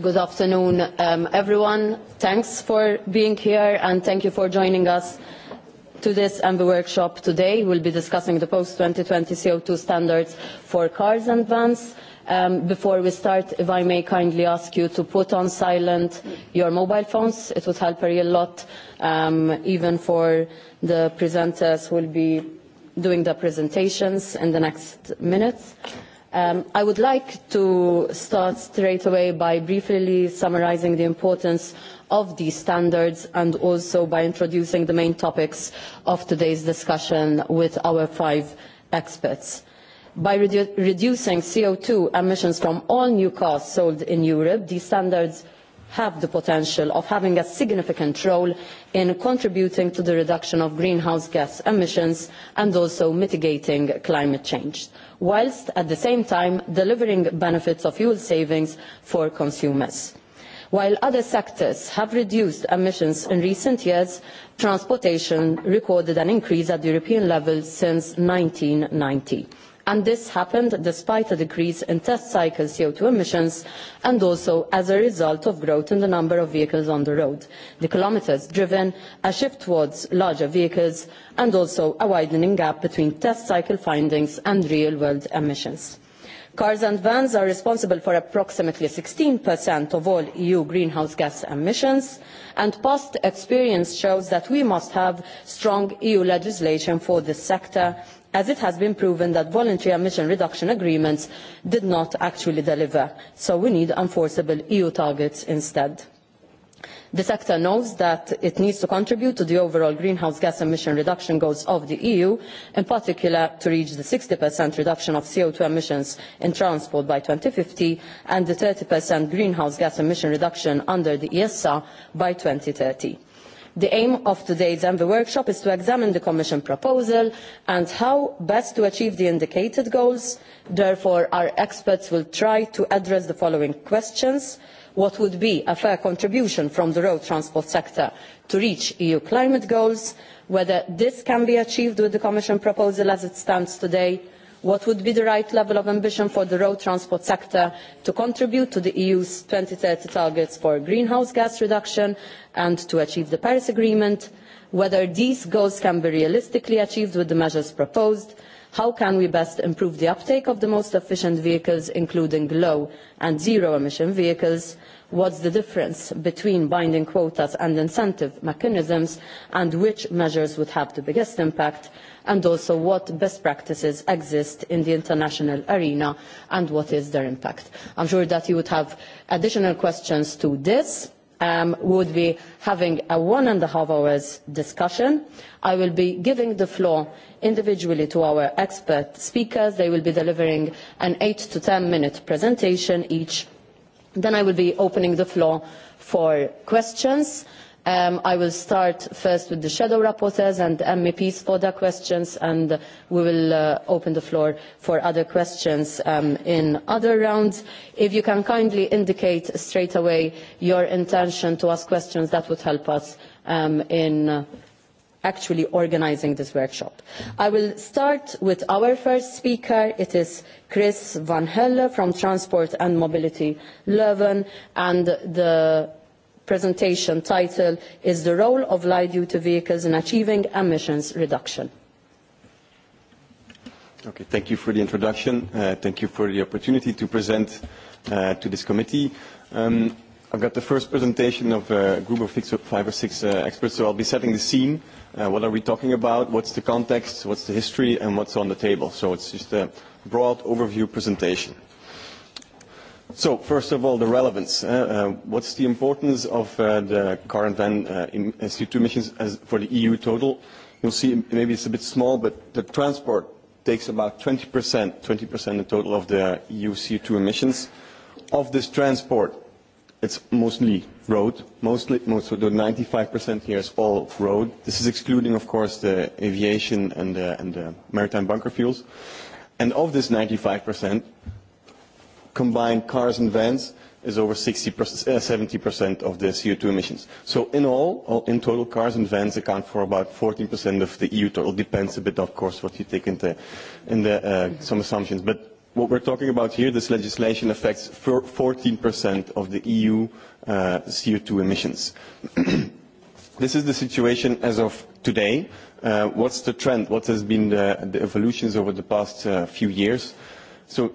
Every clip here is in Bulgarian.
Good afternoon, everyone. Thanks for being here and thank you for joining us to this EMBI workshop today. We'll be discussing the post-2020 CO2 standards for cars and vans. before we start, if I may kindly ask you to put on silent your mobile phones. It would help a real lot, even for the presenters who will be doing the presentations in the next minutes. I would like to start straight away by briefly summarising the importance of these standards and also by introducing the main topics of today's discussion with our five experts. By reducing co two emissions from all new cars sold in Europe, these standards have the potential of having a significant role in contributing to the reduction of greenhouse gas emissions and also mitigating climate change, whilst at the same time delivering benefits of fuel savings for consumers. While other sectors have reduced emissions in recent years, transportation recorded an increase at European level since ninety and this happened despite a decrease in test cycle co two emissions and also as a result of growth in the number of vehicles on the road, the kilometres driven, a shift towards larger vehicles, and also a widening gap between test cycle findings and real-world emissions. Cars and vans are responsible for approximately 16% of all EU greenhouse gas emissions, and past experience shows that we must have strong EU legislation for this sector as it has been proven that voluntary emission reduction agreements did not actually deliver. So we need enforceable EU targets instead. The sector knows that it needs to contribute to the overall greenhouse gas emission reduction goals of the EU, in particular to reach the 60% reduction of co two emissions in transport by fifty and the 30% greenhouse gas emission reduction under the ESR by thirty The aim of today's ENVI workshop is to examine the Commission proposal and how best to achieve the indicated goals. Therefore, our experts will try to address the following questions. What would be a fair contribution from the road transport sector to reach EU climate goals? Whether this can be achieved with the Commission proposal as it stands today? What would be the right level of ambition for the road transport sector to contribute to the EU's thirty targets for greenhouse gas reduction and to achieve the Paris Agreement? Whether these goals can be realistically achieved with the measures proposed? How can we best improve the uptake of the most efficient vehicles, including low and zero emission vehicles? what's the difference between binding quotas and incentive mechanisms, and which measures would have the biggest impact, and also what best practices exist in the international arena, and what is their impact. I'm sure that you would have additional questions to this um, would be having a one and a half hours discussion. I will be giving the floor individually to our expert speakers. They will be delivering an eight to ten minute presentation each Then I will be opening the floor for questions. I will start first with the shadow rapporteurs and MEPs for their questions, and we will open the floor for other questions in other rounds. If you can kindly indicate straight away your intention to ask questions, that would help us in actually organising this workshop. I will start with our first speaker. It is Chris Van Helle from Transport and Mobility Leuven, and the presentation title is The Role of Light-Duty Vehicles in Achieving Emissions Reduction. Okay, thank you for the introduction. Uh, thank you for the opportunity to present uh, to this committee. Um, I've got the first presentation of a group of five or six uh, experts, so I'll be setting the scene uh, what are we talking about, what's the context, what's the history, and what's on the table. So it's just a broad overview presentation. So first of all, the relevance. Uh, uh, what's the importance of uh, the current van uh, CO2 emissions as for the EU total? You'll see maybe it's a bit small, but the transport takes about 20%, 20% in total of the EU CO2 emissions. Of this transport, it's mostly road. Mostly, most of the 95% here is all road. This is excluding, of course, the aviation and the, and the maritime bunker fuels. And of this 95%, combined cars and vans is over 60%, uh, 70% of the CO2 emissions. So in all, all, in total, cars and vans account for about 14% of the EU total. Depends a bit, of course, what you take into, in the, uh, some assumptions. But What we're talking about here, this legislation affects 14% of the EU uh, CO2 emissions. this is the situation as of today. Uh, what's the trend? What has been the, the evolutions over the past uh, few years? So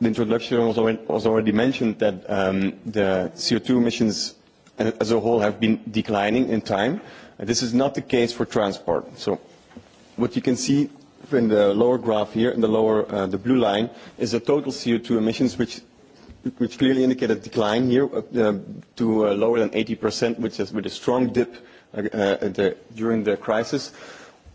the introduction was already, was already mentioned that um, the CO2 emissions as a whole have been declining in time. This is not the case for transport. So what you can see in the lower graph here, in the lower, uh, the blue line, is the total CO2 emissions, which which clearly indicate a decline here uh, to uh, lower than 80%, which is with a strong dip uh, at the, during the crisis.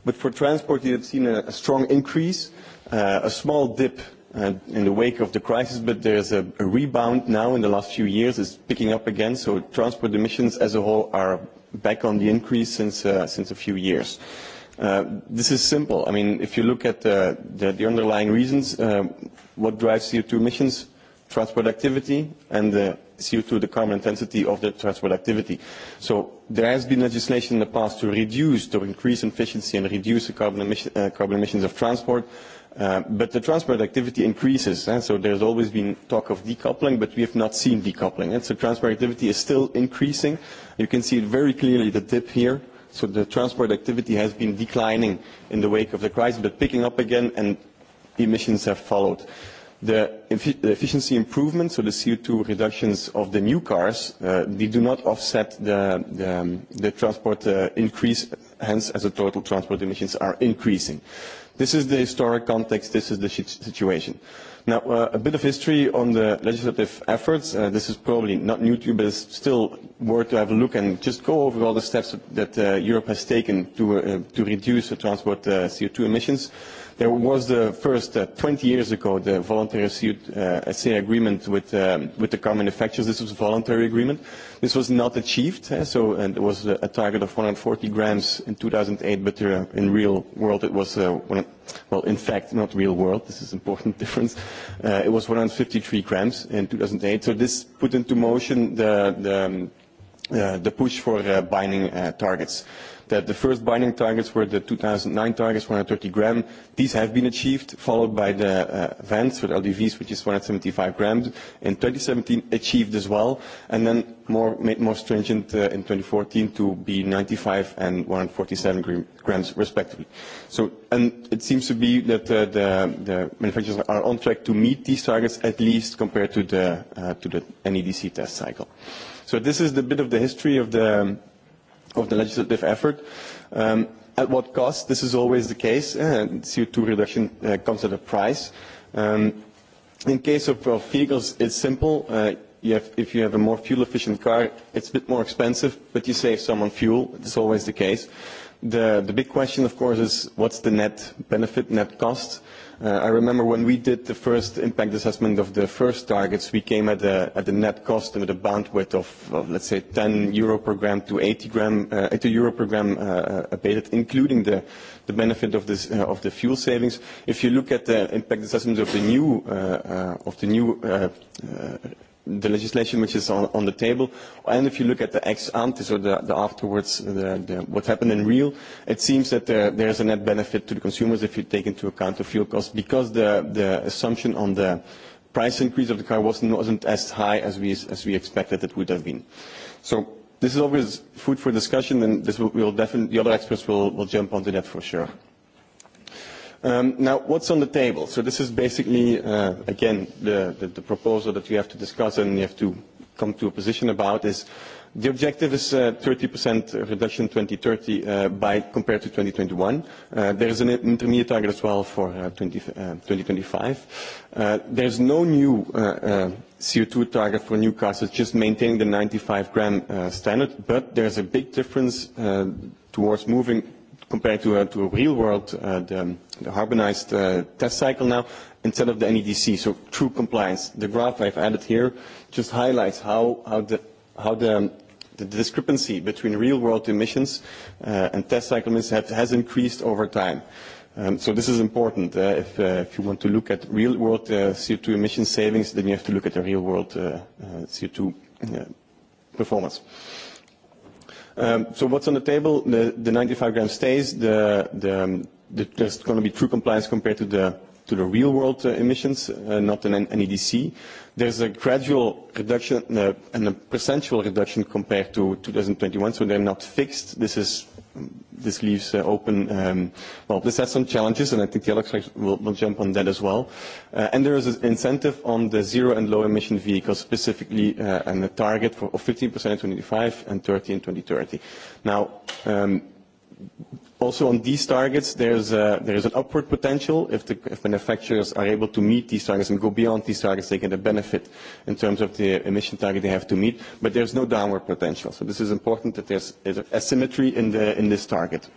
But for transport, you have seen a, a strong increase, uh, a small dip uh, in the wake of the crisis, but there's a, a rebound now in the last few years. It's picking up again, so transport emissions as a whole are back on the increase since, uh, since a few years. This is simple. I mean, if you look at the the underlying reasons, what drives CO2 emissions? Transport activity and the CO2, the carbon intensity of the transport activity. So there has been legislation in the past to reduce, to increase efficiency and reduce the carbon emission carbon emissions of transport. But the transport activity increases, and so there's always been talk of decoupling, but we have not seen decoupling. so transport activity is still increasing. You can see it very clearly, the dip here, So the transport activity has been declining in the wake of the crisis, but picking up again, and emissions have followed. The efficiency improvements, so the CO2 reductions of the new cars, uh, they do not offset the, the, um, the transport uh, increase, hence as the total transport emissions are increasing. This is the historic context, this is the situation. Now, uh, a bit of history on the legislative efforts. Uh, this is probably not new to you, but it's still worth to have a look and just go over all the steps that uh, Europe has taken to, uh, to reduce the transport uh, CO2 emissions. There was the first, uh, 20 years ago, the voluntary assay agreement with, um, with the car manufacturers. This was a voluntary agreement. This was not achieved, uh, so and it was a target of 140 grams in 2008, but uh, in real world it was, uh, one, well, in fact, not real world, this is an important difference. Uh, it was 153 grams in 2008, so this put into motion the, the, um, uh, the push for uh, binding uh, targets. Uh, that the first binding targets were the 2009 targets, 130 gram. These have been achieved, followed by the uh, VANs, with LDVs, which is 175 grams, in 2017 achieved as well, and then more made more stringent uh, in 2014 to be 95 and 147 grams, respectively. So, and it seems to be that uh, the, the manufacturers are on track to meet these targets, at least compared to the, uh, to the NEDC test cycle. So this is the bit of the history of the of the legislative effort. Um, at what cost? This is always the case. Uh, CO2 reduction uh, comes at a price. Um, in case of, of vehicles, it's simple. Uh, you have, if you have a more fuel-efficient car, it's a bit more expensive, but you save some on fuel. It's always the case. The, the big question, of course, is what's the net benefit, net cost? Uh, I remember when we did the first impact assessment of the first targets, we came at a, at a net cost and with a bandwidth of, of, let's say, 10 euro per gram to 80 gram, uh, 80 euro per gram uh, abated, including the, the benefit of, this, uh, of the fuel savings. If you look at the impact assessment of the new, uh, uh, of the new uh, uh, the legislation which is on, on the table. And if you look at the ex ante, so the, the afterwards, the, the, what happened in real, it seems that there, there is a net benefit to the consumers if you take into account the fuel cost because the, the assumption on the price increase of the car wasn't, wasn't as high as we, as we expected it would have been. So this is always food for discussion, and this will, will definitely, the other experts will, will jump onto that for sure. Um, now, what's on the table? So this is basically, uh, again, the, the, the proposal that you have to discuss and you have to come to a position about is the objective is uh, 30% reduction 2030 uh, by compared to 2021. Uh, there is an intermediate target as well for uh, 20, uh, 2025. Uh, there's no new uh, uh, CO2 target for new cars. It's just maintaining the 95 gram uh, standard, but there's a big difference uh, towards moving compared to, uh, to a real world, uh, the, the harmonized uh, test cycle now, instead of the NEDC, so true compliance. The graph I've added here just highlights how, how, the, how the, the discrepancy between real world emissions uh, and test cycle emissions has increased over time. Um, so this is important. Uh, if, uh, if you want to look at real world uh, CO2 emission savings, then you have to look at the real world uh, uh, CO2 uh, performance. Um, so what's on the table? The, the 95 gram stays. The, the, um, the, there's going to be true compliance compared to the to the real world uh, emissions, uh, not an NEDC. There's a gradual reduction uh, and a percentual reduction compared to 2021, so they're not fixed. This is this leaves uh, open, um, well, this has some challenges, and I think the other will, will jump on that as well. Uh, and there is an incentive on the zero and low emission vehicles specifically, uh, and a target for, of 15% in 2025 and 30 in 2030. Now, um, Also on these targets, there's a- there is an upward potential. If the if manufacturers are able to meet these targets and go beyond these targets, they get a benefit in terms of the emission target they have to meet, but there's no downward potential. So this is important that there's there's asymmetry in the in this target.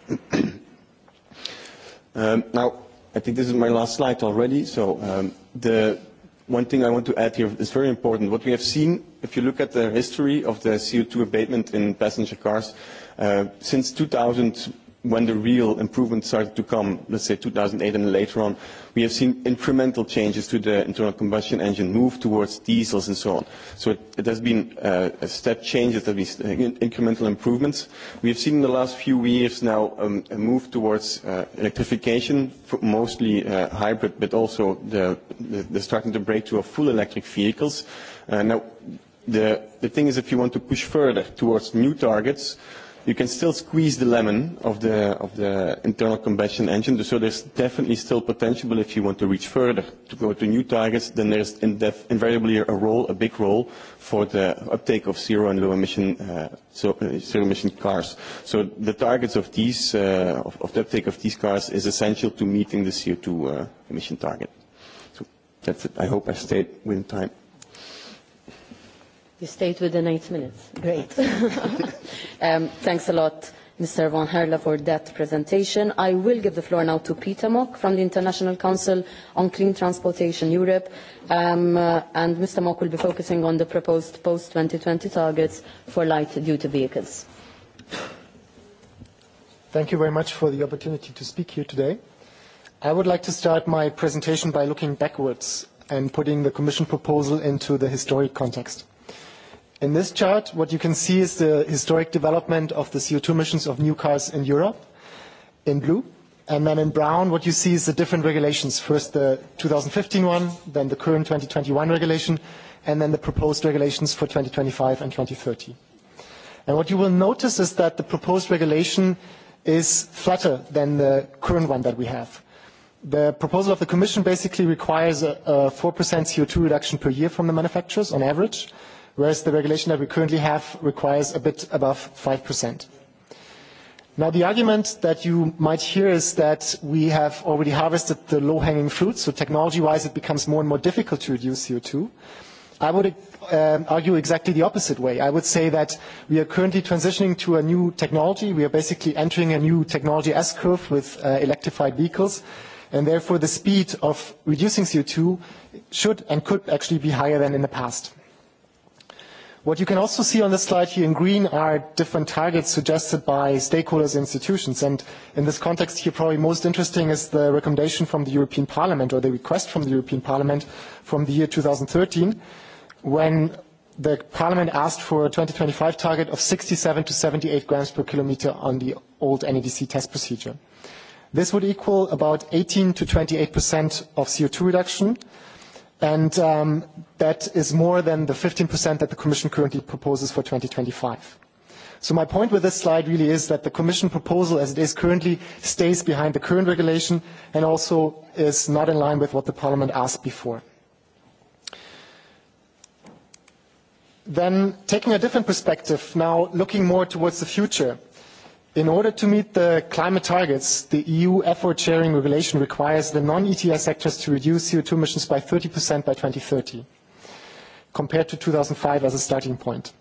Um Now, I think this is my last slide already. So, um the one thing I want to add here is very important. What we have seen, if you look at the history of the CO2 abatement in passenger cars, uh since 2000, when the real improvements started to come, let's say 2008 and later on, we have seen incremental changes to the internal combustion engine, move towards diesels and so on. So it, it has been uh, a step changes, that been incremental improvements. We have seen in the last few years now um, a move towards uh, electrification, mostly uh, hybrid, but also the, the, the starting to break to a full electric vehicles. Uh, now, the, the thing is if you want to push further towards new targets, you can still squeeze the lemon of the, of the internal combustion engine. So there's definitely still potential, but if you want to reach further, to go to new targets, then there's def invariably a role, a big role, for the uptake of zero and low emission, uh, so, uh, zero emission cars. So the targets of these, uh, of, of the uptake of these cars is essential to meeting the CO2 uh, emission target. So that's it. I hope I stayed within time. You stayed within eight minutes. Great. um, thanks a lot, Mr. Von Herla, for that presentation. I will give the floor now to Peter Mock from the International Council on Clean Transportation Europe. Um, uh, and Mr. Mock will be focusing on the proposed post-2020 targets for light-duty vehicles. Thank you very much for the opportunity to speak here today. I would like to start my presentation by looking backwards and putting the Commission proposal into the historic context. In this chart, what you can see is the historic development of the CO2 emissions of new cars in Europe in blue. And then in brown, what you see is the different regulations. First, the 2015 one, then the current 2021 regulation, and then the proposed regulations for 2025 and 2030. And what you will notice is that the proposed regulation is flatter than the current one that we have. The proposal of the Commission basically requires a, a 4% CO2 reduction per year from the manufacturers on average, whereas the regulation that we currently have requires a bit above 5%. Now, the argument that you might hear is that we have already harvested the low-hanging fruit, so technology-wise, it becomes more and more difficult to reduce CO2. I would argue exactly the opposite way. I would say that we are currently transitioning to a new technology. We are basically entering a new technology S-curve with electrified vehicles, and therefore, the speed of reducing CO2 should and could actually be higher than in the past. What you can also see on this slide here in green are different targets suggested by stakeholders and institutions. And in this context here, probably most interesting is the recommendation from the European Parliament or the request from the European Parliament from the year 2013 when the Parliament asked for a 2025 target of 67 to 78 grams per kilometer on the old NEDC test procedure. This would equal about 18 to 28% of CO2 reduction and that is more than the 15% that the Commission currently proposes for 2025. So my point with this slide really is that the Commission proposal as it is currently stays behind the current regulation and also is not in line with what the Parliament asked before. Then taking a different perspective, now looking more towards the future – In order to meet the climate targets, the EU effort-sharing regulation requires the non-ETS sectors to reduce CO2 emissions by 30% by 2030, compared to 2005 as a starting point.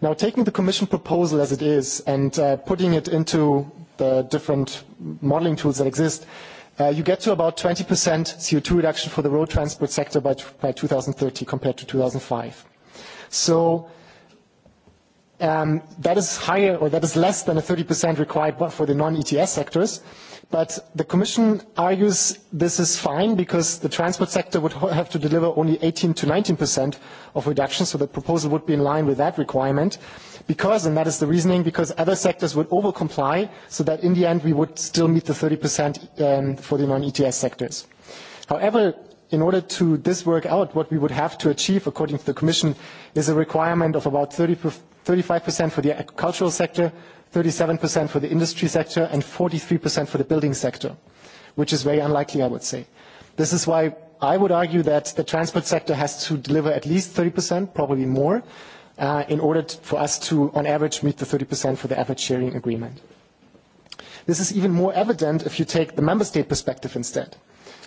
Now, taking the Commission proposal as it is and uh, putting it into the different modeling tools that exist, uh, you get to about 20% CO2 reduction for the road transport sector by, by 2030 compared to 2005. So Um, that is higher or that is less than the 30% required for the non-ETS sectors. But the Commission argues this is fine because the transport sector would have to deliver only 18 to 19% of reduction, so the proposal would be in line with that requirement. Because, and that is the reasoning, because other sectors would overcomply, so that in the end we would still meet the 30% um, for the non-ETS sectors. However, in order to this work out, what we would have to achieve, according to the Commission, is a requirement of about 30 35% for the agricultural sector, 37% for the industry sector, and 43% for the building sector, which is very unlikely, I would say. This is why I would argue that the transport sector has to deliver at least 30%, probably more, uh, in order to, for us to, on average, meet the 30% for the average sharing agreement. This is even more evident if you take the member state perspective instead.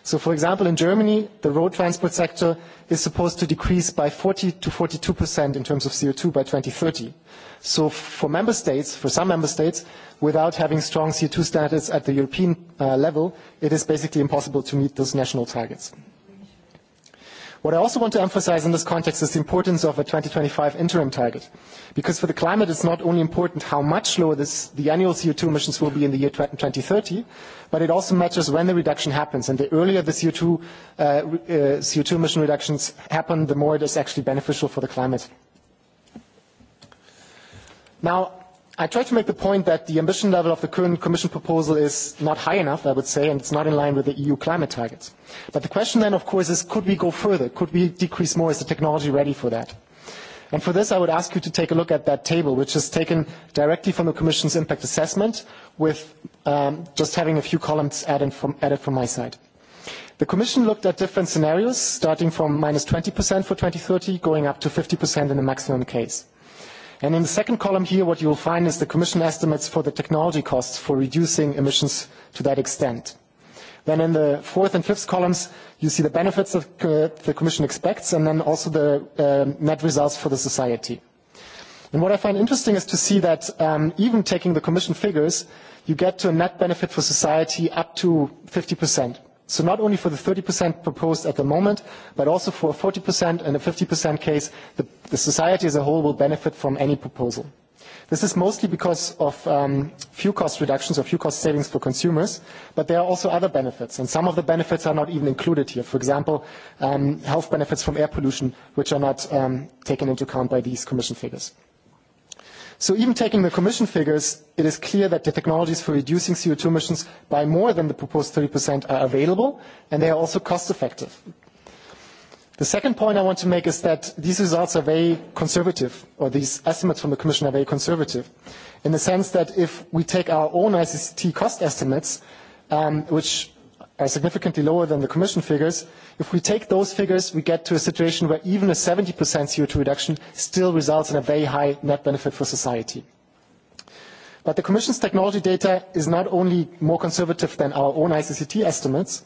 So for example, in Germany, the road transport sector is supposed to decrease by 40 to 42% in terms of CO2 by 2030. So for member states, for some member states, without having strong CO2 standards at the European uh, level, it is basically impossible to meet those national targets. What I also want to emphasize in this context is the importance of a 2025 interim target, because for the climate it's not only important how much lower this, the annual CO2 emissions will be in the year 2030, but it also matters when the reduction happens. And the earlier the CO2, uh, uh, CO2 emission reductions happen, the more it is actually beneficial for the climate. Now, I tried to make the point that the ambition level of the current Commission proposal is not high enough, I would say, and it's not in line with the EU climate targets. But the question then, of course, is could we go further? Could we decrease more? Is the technology ready for that? And for this, I would ask you to take a look at that table, which is taken directly from the Commission's impact assessment, with um, just having a few columns added from, added from my side. The Commission looked at different scenarios, starting from minus 20% for 2030, going up to 50% in the maximum case in the second column here, what you will find is the commission estimates for the technology costs for reducing emissions to that extent. Then in the fourth and fifth columns, you see the benefits that the commission expects and then also the net results for the society. And what I find interesting is to see that even taking the commission figures, you get to a net benefit for society up to 50%. So not only for the 30% proposed at the moment, but also for a 40% and a 50% case, the, the society as a whole will benefit from any proposal. This is mostly because of um, fuel cost reductions or fuel cost savings for consumers, but there are also other benefits, and some of the benefits are not even included here. For example, um, health benefits from air pollution, which are not um, taken into account by these commission figures. So even taking the Commission figures, it is clear that the technologies for reducing CO2 emissions by more than the proposed 30% are available, and they are also cost-effective. The second point I want to make is that these results are very conservative, or these estimates from the Commission are very conservative, in the sense that if we take our own ICT cost estimates, um, which are significantly lower than the Commission figures, if we take those figures, we get to a situation where even a 70% CO2 reduction still results in a very high net benefit for society. But the Commission's technology data is not only more conservative than our own ICCT estimates,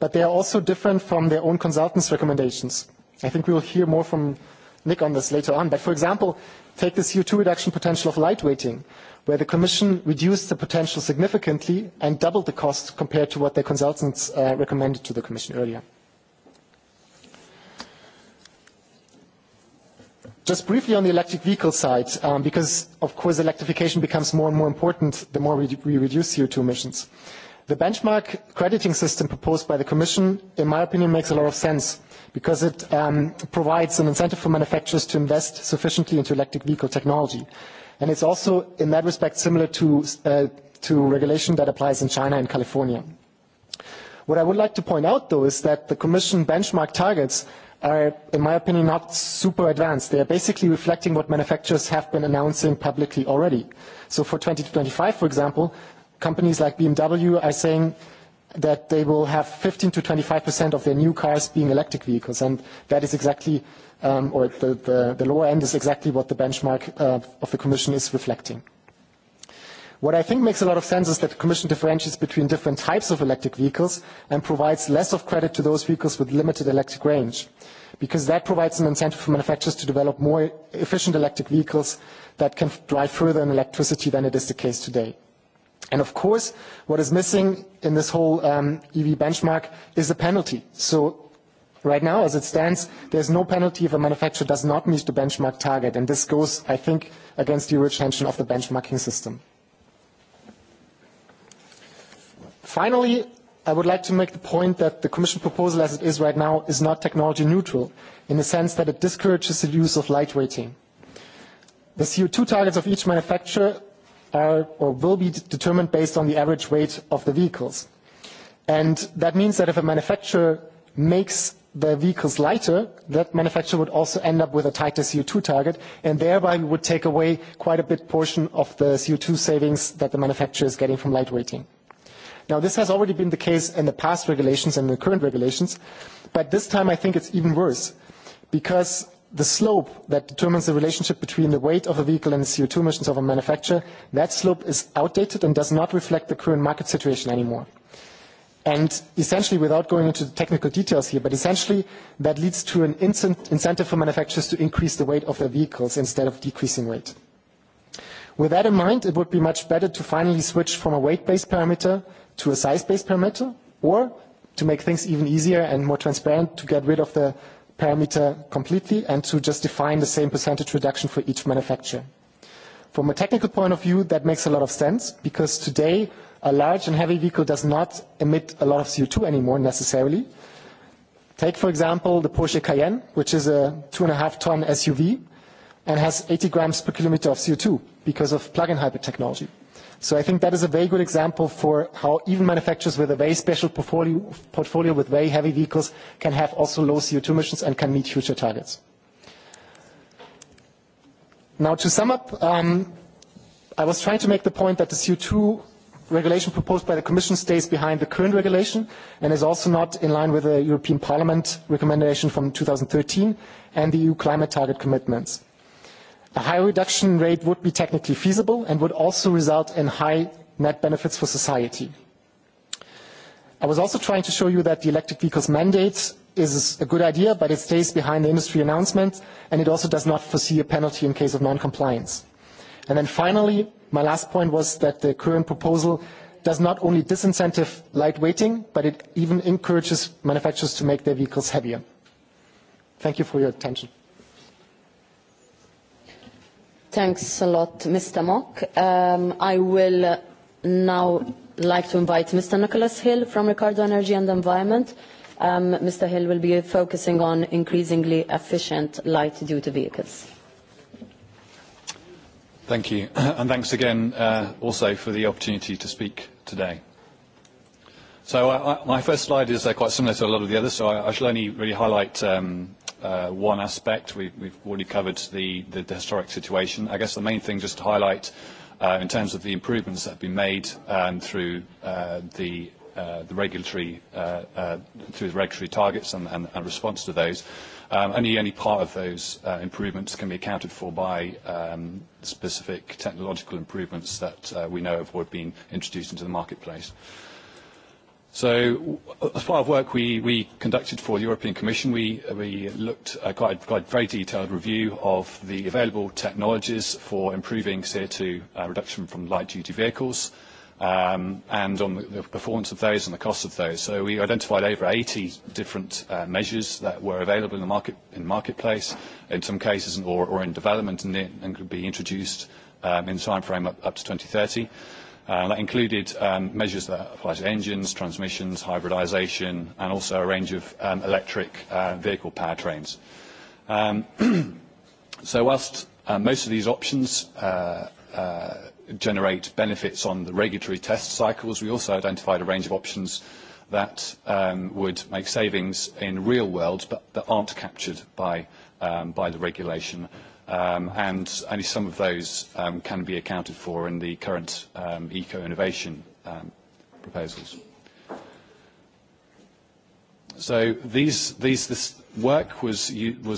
but they are also different from their own consultants' recommendations. I think we will hear more from Nick on this later on. But for example, take the CO2 reduction potential of lightweighting where the Commission reduced the potential significantly and doubled the cost compared to what their consultants uh, recommended to the Commission earlier. Just briefly on the electric vehicle side, um, because of course electrification becomes more and more important the more we, we reduce CO2 emissions. The benchmark crediting system proposed by the Commission, in my opinion, makes a lot of sense because it um, provides an incentive for manufacturers to invest sufficiently into electric vehicle technology. And it's also, in that respect, similar to, uh, to regulation that applies in China and California. What I would like to point out, though, is that the Commission benchmark targets are, in my opinion, not super advanced. They are basically reflecting what manufacturers have been announcing publicly already. So for 2025, for example, companies like BMW are saying that they will have 15 to 25% of their new cars being electric vehicles, and that is exactly um, or the, the, the lower end is exactly what the benchmark uh, of the Commission is reflecting. What I think makes a lot of sense is that the Commission differentiates between different types of electric vehicles and provides less of credit to those vehicles with limited electric range, because that provides an incentive for manufacturers to develop more efficient electric vehicles that can drive further in electricity than it is the case today. And of course, what is missing in this whole um, EV benchmark is the penalty. So Right now, as it stands, there is no penalty if a manufacturer does not meet the benchmark target, and this goes, I think, against the retention of the benchmarking system. Finally, I would like to make the point that the Commission proposal as it is right now is not technology neutral, in the sense that it discourages the use of lightweighting. The CO2 targets of each manufacturer are or will be determined based on the average weight of the vehicles. And that means that if a manufacturer makes the vehicles lighter, that manufacturer would also end up with a tighter CO2 target, and thereby we would take away quite a big portion of the CO2 savings that the manufacturer is getting from lightweighting. Now, this has already been the case in the past regulations and the current regulations, but this time I think it's even worse because the slope that determines the relationship between the weight of a vehicle and the CO2 emissions of a manufacturer, that slope is outdated and does not reflect the current market situation anymore. And essentially, without going into the technical details here, but essentially that leads to an incentive for manufacturers to increase the weight of their vehicles instead of decreasing weight. With that in mind, it would be much better to finally switch from a weight-based parameter to a size-based parameter, or to make things even easier and more transparent, to get rid of the parameter completely and to just define the same percentage reduction for each manufacturer. From a technical point of view, that makes a lot of sense because today a large and heavy vehicle does not emit a lot of CO2 anymore necessarily. Take, for example, the Porsche Cayenne, which is a two and a half ton SUV and has 80 grams per kilometer of CO2 because of plug-in hybrid technology. So I think that is a very good example for how even manufacturers with a very special portfolio, portfolio with very heavy vehicles can have also low CO2 emissions and can meet future targets. Now to sum up, um, I was trying to make the point that the CO2 regulation proposed by the Commission stays behind the current regulation and is also not in line with the European Parliament recommendation from 2013 and the EU climate target commitments. A high reduction rate would be technically feasible and would also result in high net benefits for society. I was also trying to show you that the electric vehicles mandate is a good idea, but it stays behind the industry announcement, and it also does not foresee a penalty in case of non-compliance. And then finally, my last point was that the current proposal does not only disincentive light weighting, but it even encourages manufacturers to make their vehicles heavier. Thank you for your attention. Thanks a lot, Mr. Mock. I will now like to invite Mr. Nicholas Hill from Ricardo Energy and Environment. Mr. Hill will be focusing on increasingly efficient light-duty vehicles. Thank you. And thanks again also for the opportunity to speak today. So I, I, my first slide is quite similar to a lot of the others, so I, shall only really highlight um, uh, one aspect. We, we've already covered the, the, the historic situation. I guess the main thing just to highlight uh, in terms of the improvements that have been made um, through uh, the the regulatory through the regulatory targets and, and, and response to those. only any part of those improvements can be accounted for by specific technological improvements that we know of or have been introduced into the marketplace. So as part of work we, we conducted for the European Commission, we, we looked at quite, a very detailed review of the available technologies for improving CO2 reduction from light-duty vehicles um and on the performance of those and the cost of those. So we identified over 80 different uh measures that were available in the market in the marketplace, in some cases, or or in development, and and could be introduced um in the timeframe up up to 2030. Uh That included um measures that apply to engines, transmissions, hybridization, and also a range of um electric uh vehicle powertrains. Um So whilst uh most of these options uh uh generate benefits on the regulatory test cycles. We also identified a range of options that would make savings in real world, but that aren't captured by the regulation. And only some of those can be accounted for in the current eco-innovation proposals. So these this work was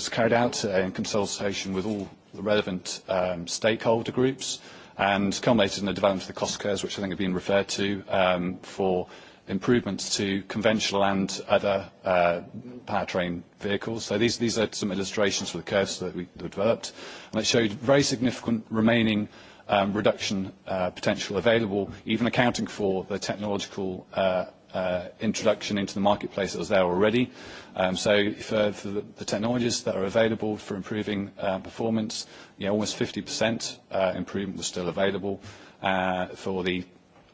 carried out in consultation with all the relevant stakeholder groups and culminated in the development of the cost curves, which I think have been referred to, um, for improvements to conventional and other uh, powertrain vehicles. So these, these are some illustrations for the curves that we developed, and it showed very significant remaining um, reduction uh, potential available, even accounting for the technological uh, introduction into the marketplace that was there already. So for the technologies that are available for improving performance, you know, almost 50% improvement was still available for the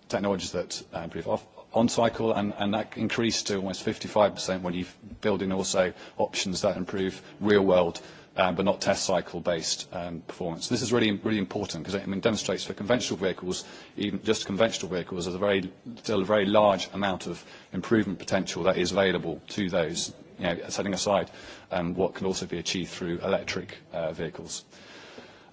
technologies that improve on-cycle, and that increased to almost 55% when you build in also options that improve real-world but not test cycle-based performance. This is really important because it demonstrates for conventional vehicles, even just conventional vehicles, there's a very still a very large amount of improvement potential that is available to those, you know, setting aside what can also be achieved through electric vehicles.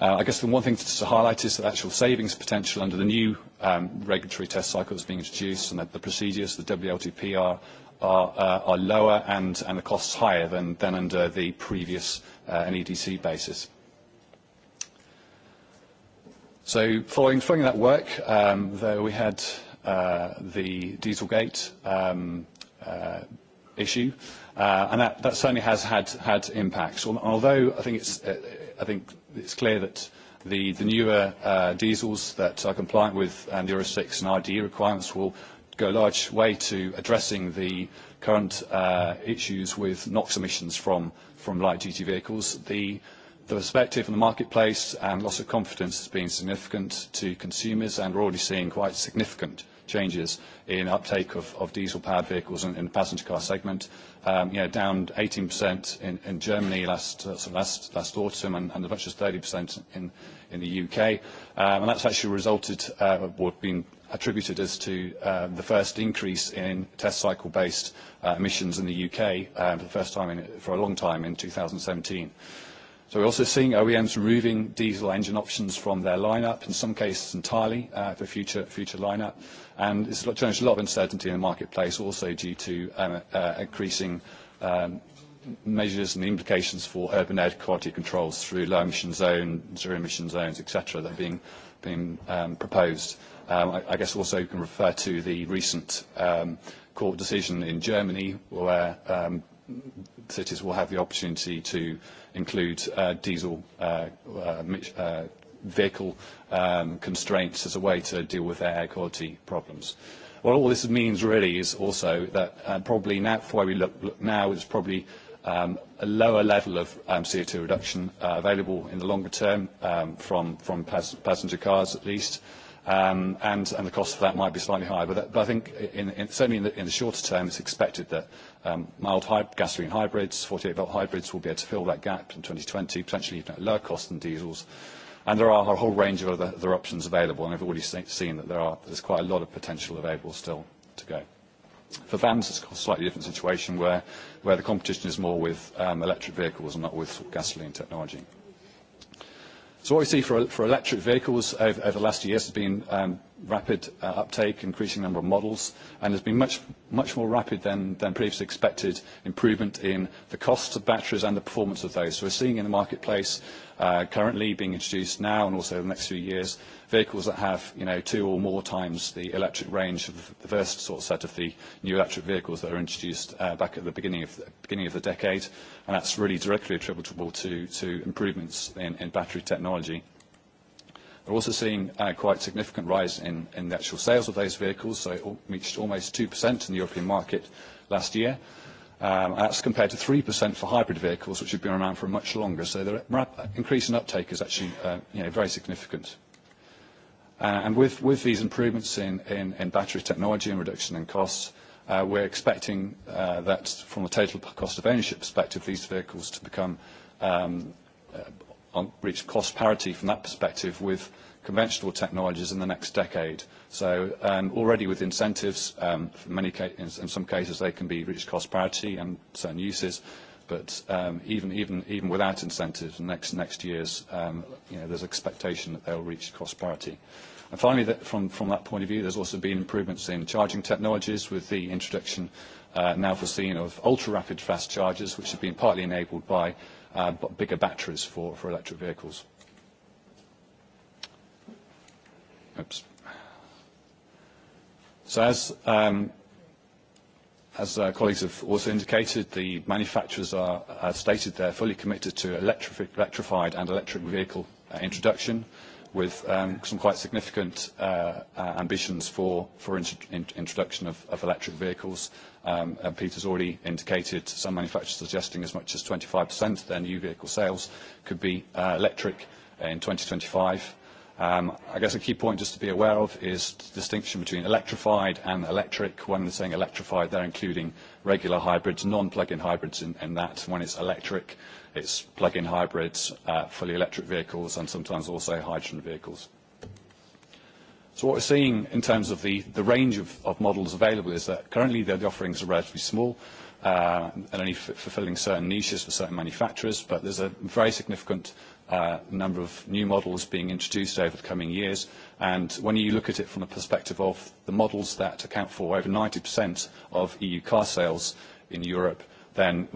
I guess the one thing to highlight is the actual savings potential under the new regulatory test cycle that's being introduced and that the procedures, the WLTP, are lower and the costs higher than under the previous an EDC basis. So following that work, though, we had the Dieselgate issue, and that certainly has had impacts. Although I think it's clear that the newer diesels that are compliant with Euro 6 and RDE requirements will go a large way to addressing the current issues with NOx emissions from from light-duty vehicles, the perspective in the marketplace and loss of confidence has been significant to consumers, and we're already seeing quite significant changes in uptake of diesel-powered vehicles in the passenger car segment. Down 18% in Germany last autumn and as much as 30% in the U.K. and That's actually resulted or been attributed us to the first increase in test cycle-based emissions in the U.K. for the first time for a long time in 2017. We're also seeing OEMs removing diesel engine options from their lineup, in some cases entirely, for future lineup. It's generated a lot of uncertainty in the marketplace also due to increasing measures and implications for urban air quality controls through low emission zone, zero emission zones, et cetera, that are being proposed. Um, I, I guess also you can refer to the recent um, court decision in Germany where um, cities will have the opportunity to include uh, diesel uh, uh, vehicle um, constraints as a way to deal with their air quality problems. What all this means really is also that uh, probably now, for where we look, look now, is probably um, a lower level of um, CO2 reduction uh, available in the longer term um, from, from pas passenger cars at least um, and, the cost of that might be slightly higher. But, that, but I think in, certainly in the, in the shorter term, it's expected that mild gasoline hybrids, 48-volt hybrids, will be able to fill that gap in 2020, potentially even at lower cost than diesels. And there are a whole range of other, other options available, and I've already seen that there are, there's quite a lot of potential available still to go. For vans, it's a slightly different situation where, where the competition is more with um, electric vehicles and not with gasoline technology. So what we see for, for electric vehicles over, over the last years has been um, rapid uptake, increasing number of models, and there's been much, much more rapid than, than previously expected improvement in the cost of batteries and the performance of those. So we're seeing in the marketplace currently being introduced now and also in the next few years, vehicles that have you know, two or more times the electric range of the first sort of set of the new electric vehicles that are introduced back at the beginning of the, decade, and that's really directly attributable to, to improvements in, in battery technology. We're also seeing a quite significant rise in the actual sales of those vehicles, so it reached almost 2% in the European market last year. That's compared to 3% for hybrid vehicles, which have been around for much longer. So the increase in uptake is actually, you know, very significant. And with these improvements in battery technology and reduction in costs, we're expecting that from a total cost of ownership perspective, these vehicles to become on reach cost parity from that perspective with conventional technologies in the next decade. So already with incentives, many in, some cases they can be reached cost parity and certain uses, but even, without incentives, next, next year's, there's expectation that they'll reach cost parity. And finally, that from, that point of view, there's also been improvements in charging technologies with the introduction now foreseen of ultra-rapid fast chargers, which have been partly enabled by but bigger batteries for electric vehicles. Oops. So as colleagues have also indicated, the manufacturers have stated they're fully committed to electrified and electric vehicle introduction with um, some quite significant uh, uh, ambitions for, for in introduction of, of electric vehicles. Um, Peter's already indicated some manufacturers suggesting as much as 25% of their new vehicle sales could be uh, electric in 2025. Um, I guess a key point just to be aware of is the distinction between electrified and electric. When they're saying electrified, they're including regular hybrids, non-plug-in hybrids in, in that. When it's electric, it's plug-in hybrids, uh, fully electric vehicles, and sometimes also hydrogen vehicles. So what we're seeing in terms of the, the range of, of models available is that currently the, offerings are relatively small uh, and only f fulfilling certain niches for certain manufacturers, but there's a very significant uh, number of new models being introduced over the coming years. And when you look at it from the perspective of the models that account for over 90% of EU car sales in Europe, then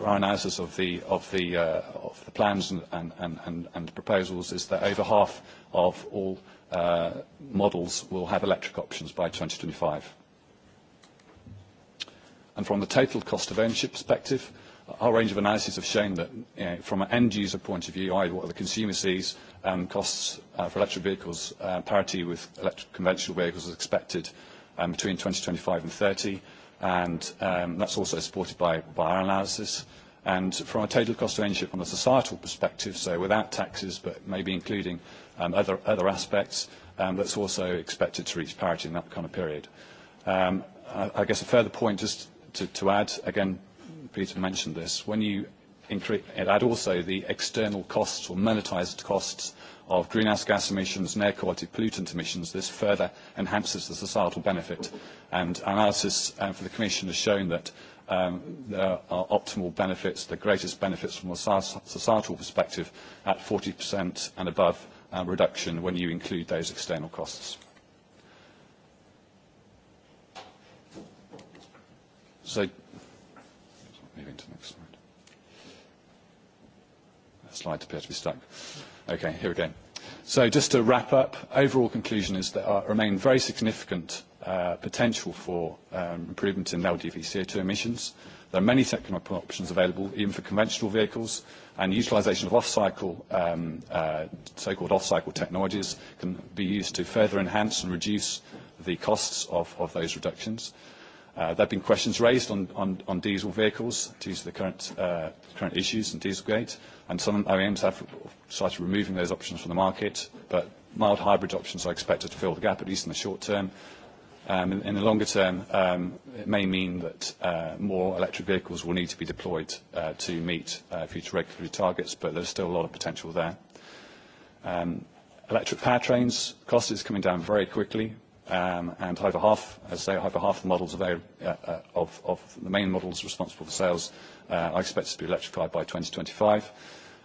our analysis of the of the uh, of the plans and and and and proposals is that over half of all uh, models will have electric options by 2025. And from the total cost of ownership perspective, a whole range of analyses have shown that you know from an end user point of view, i.e. what the consumer sees, um, costs uh, for electric vehicles, uh, parity with electric conventional vehicles is expected um, between 2025 and 30, and um, that's also supported by, by our analysis. And from a total cost of ownership on a societal perspective, so without taxes, but maybe including um, other, other aspects, um, that's also expected to reach parity in that kind of period. Um, I, I guess a further point just to, to add, again, Peter mentioned this, when you add also the external costs or monetized costs of greenhouse gas emissions and air quality pollutant emissions, this further enhances the societal benefit. And analysis for the Commission has shown that there are optimal benefits, the greatest benefits from a societal perspective at 40% and above reduction when you include those external costs. So Moving to the next slide. That slide appears to be stuck. Okay, here we go. So just to wrap up, overall conclusion is there remain very significant potential for improvement in LDV CO2 emissions. There are many technical options available, even for conventional vehicles, and utilization of off-cycle, so-called off-cycle technologies can be used to further enhance and reduce the costs of those reductions. There have been questions raised on diesel vehicles due to the current issues in Dieselgate, and some OEMs have started removing those options from the market, but mild hybrid options are expected to fill the gap, at least in the short term. In the longer term, it may mean that more electric vehicles will need to be deployed to meet future regulatory targets, but there's still a lot of potential there. Electric powertrains cost is coming down very quickly, Um, and over half, as I say, over half the models available uh, of, of the main models responsible for sales uh, are expected to be electrified by 2025.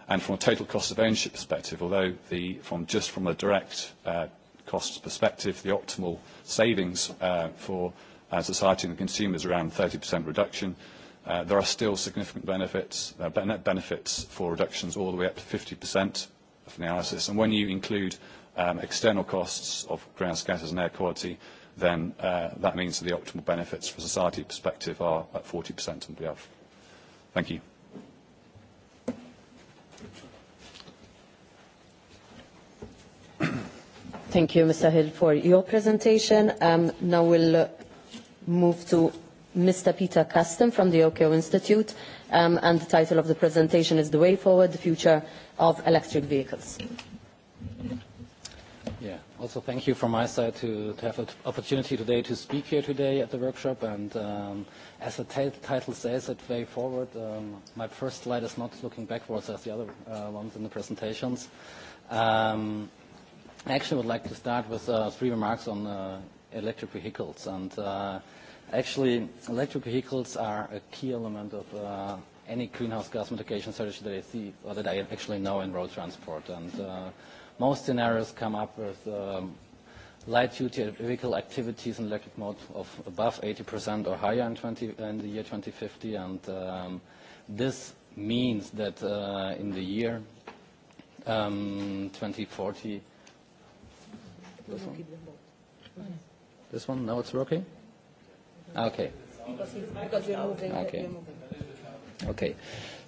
And from a total cost of ownership perspective, although the, from just from a direct uh, perspective, the optimal savings uh, for uh, society and consumers around 30% reduction, uh, there are still significant benefits, net benefits for reductions all the way up to 50% of the analysis. And when you include external costs of greenhouse gases and air quality, then that means that the optimal benefits from a society perspective are at 40% and above. Thank you. Thank you, Mr. Hill, for your presentation. Um, now we'll move to Mr. Peter Kasten from the OKO Institute, um, and the title of the presentation is The Way Forward, the Future of Electric Vehicles. Thank you. Also, thank you from my side to, to have an opportunity today to speak here today at the workshop. And um, as the t- title says, at Way Forward, um, my first slide is not looking backwards as the other uh, ones in the presentations. Um, I actually would like to start with uh, three remarks on uh, electric vehicles. And uh, actually, electric vehicles are a key element of uh, any greenhouse gas mitigation strategy that I see, or that I actually know in road transport. And uh, Most scenarios come up with um, light-duty vehicle activities in electric mode of above 80% or higher in, 20, in the year 2050, and um, this means that uh, in the year um, 2040, this one? This one? Now it's working? Okay. Because moving. Okay. Okay.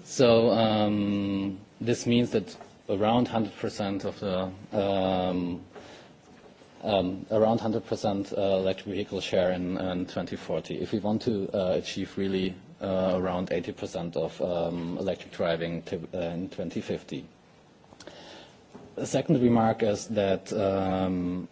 So um, this means that around 100% of the um, um, around 100% uh, electric vehicle share in, in 2040. If we want to uh, achieve really uh, around 80% of um, electric driving t- uh, in 2050. The second remark is that um,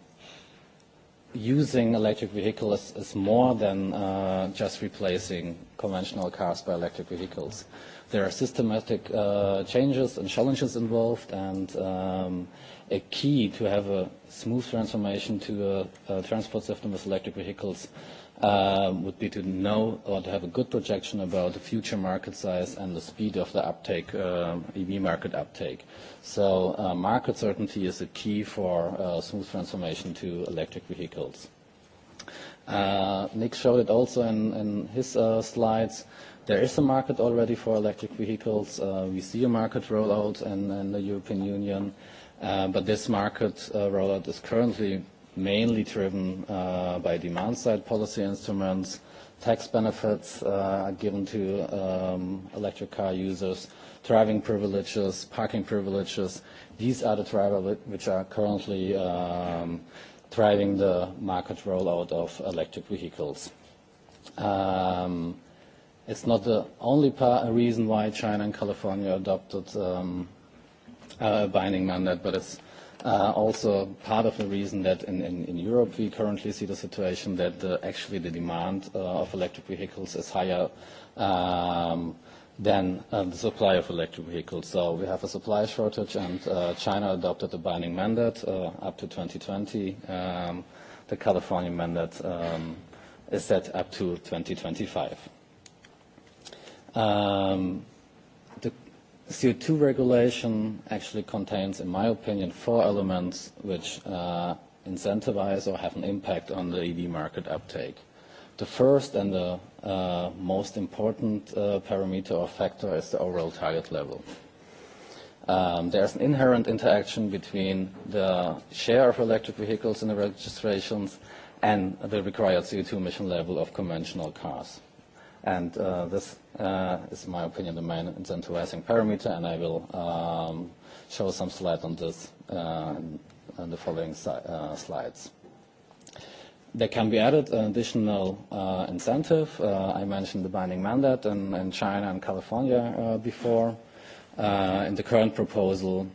using electric vehicles is, is more than uh, just replacing conventional cars by electric vehicles. Mm-hmm There are systematic uh, changes and challenges involved, and um, a key to have a smooth transformation to a, a transport system with electric vehicles um, would be to know or to have a good projection about the future market size and the speed of the uptake, uh, EV market uptake. So uh, market certainty is a key for uh, smooth transformation to electric vehicles. Uh, Nick showed it also in, in his uh, slides. There is a market already for electric vehicles. Uh, we see a market rollout in, in the European Union, uh, but this market uh, rollout is currently mainly driven uh, by demand-side policy instruments. Tax benefits uh, are given to um, electric car users, driving privileges, parking privileges. These are the drivers which are currently um, driving the market rollout of electric vehicles. Um, It's not the only par- reason why China and California adopted um, a binding mandate, but it's uh, also part of the reason that in, in, in Europe we currently see the situation that the, actually the demand uh, of electric vehicles is higher um, than uh, the supply of electric vehicles. So we have a supply shortage, and uh, China adopted a binding mandate uh, up to 2020. Um, the California mandate um, is set up to 2025. Um, the CO2 regulation actually contains, in my opinion, four elements which uh, incentivize or have an impact on the EV market uptake. The first and the uh, most important uh, parameter or factor is the overall target level. Um, there's an inherent interaction between the share of electric vehicles in the registrations and the required CO2 emission level of conventional cars. And uh, this uh, is, in my opinion, the main incentivizing parameter, and I will um, show some slides on this uh, in the following uh, slides. There can be added an additional uh, incentive. Uh, I mentioned the binding mandate in, in China and California uh, before. Uh, in the current proposal,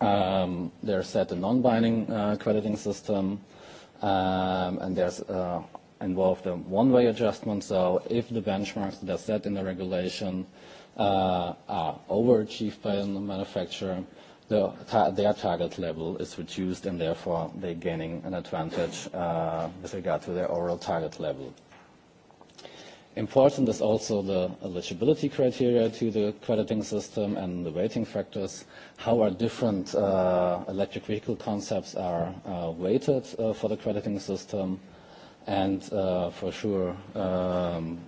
um, there's set a non-binding uh, crediting system, um, and there's uh, involved a one-way adjustment. So if the benchmarks that are set in the regulation uh, are overachieved by a manufacturer, the ta- their target level is reduced and therefore they're gaining an advantage uh, with regard to their overall target level. Important is also the eligibility criteria to the crediting system and the weighting factors. How are different uh, electric vehicle concepts are uh, weighted uh, for the crediting system? And uh, for sure, um,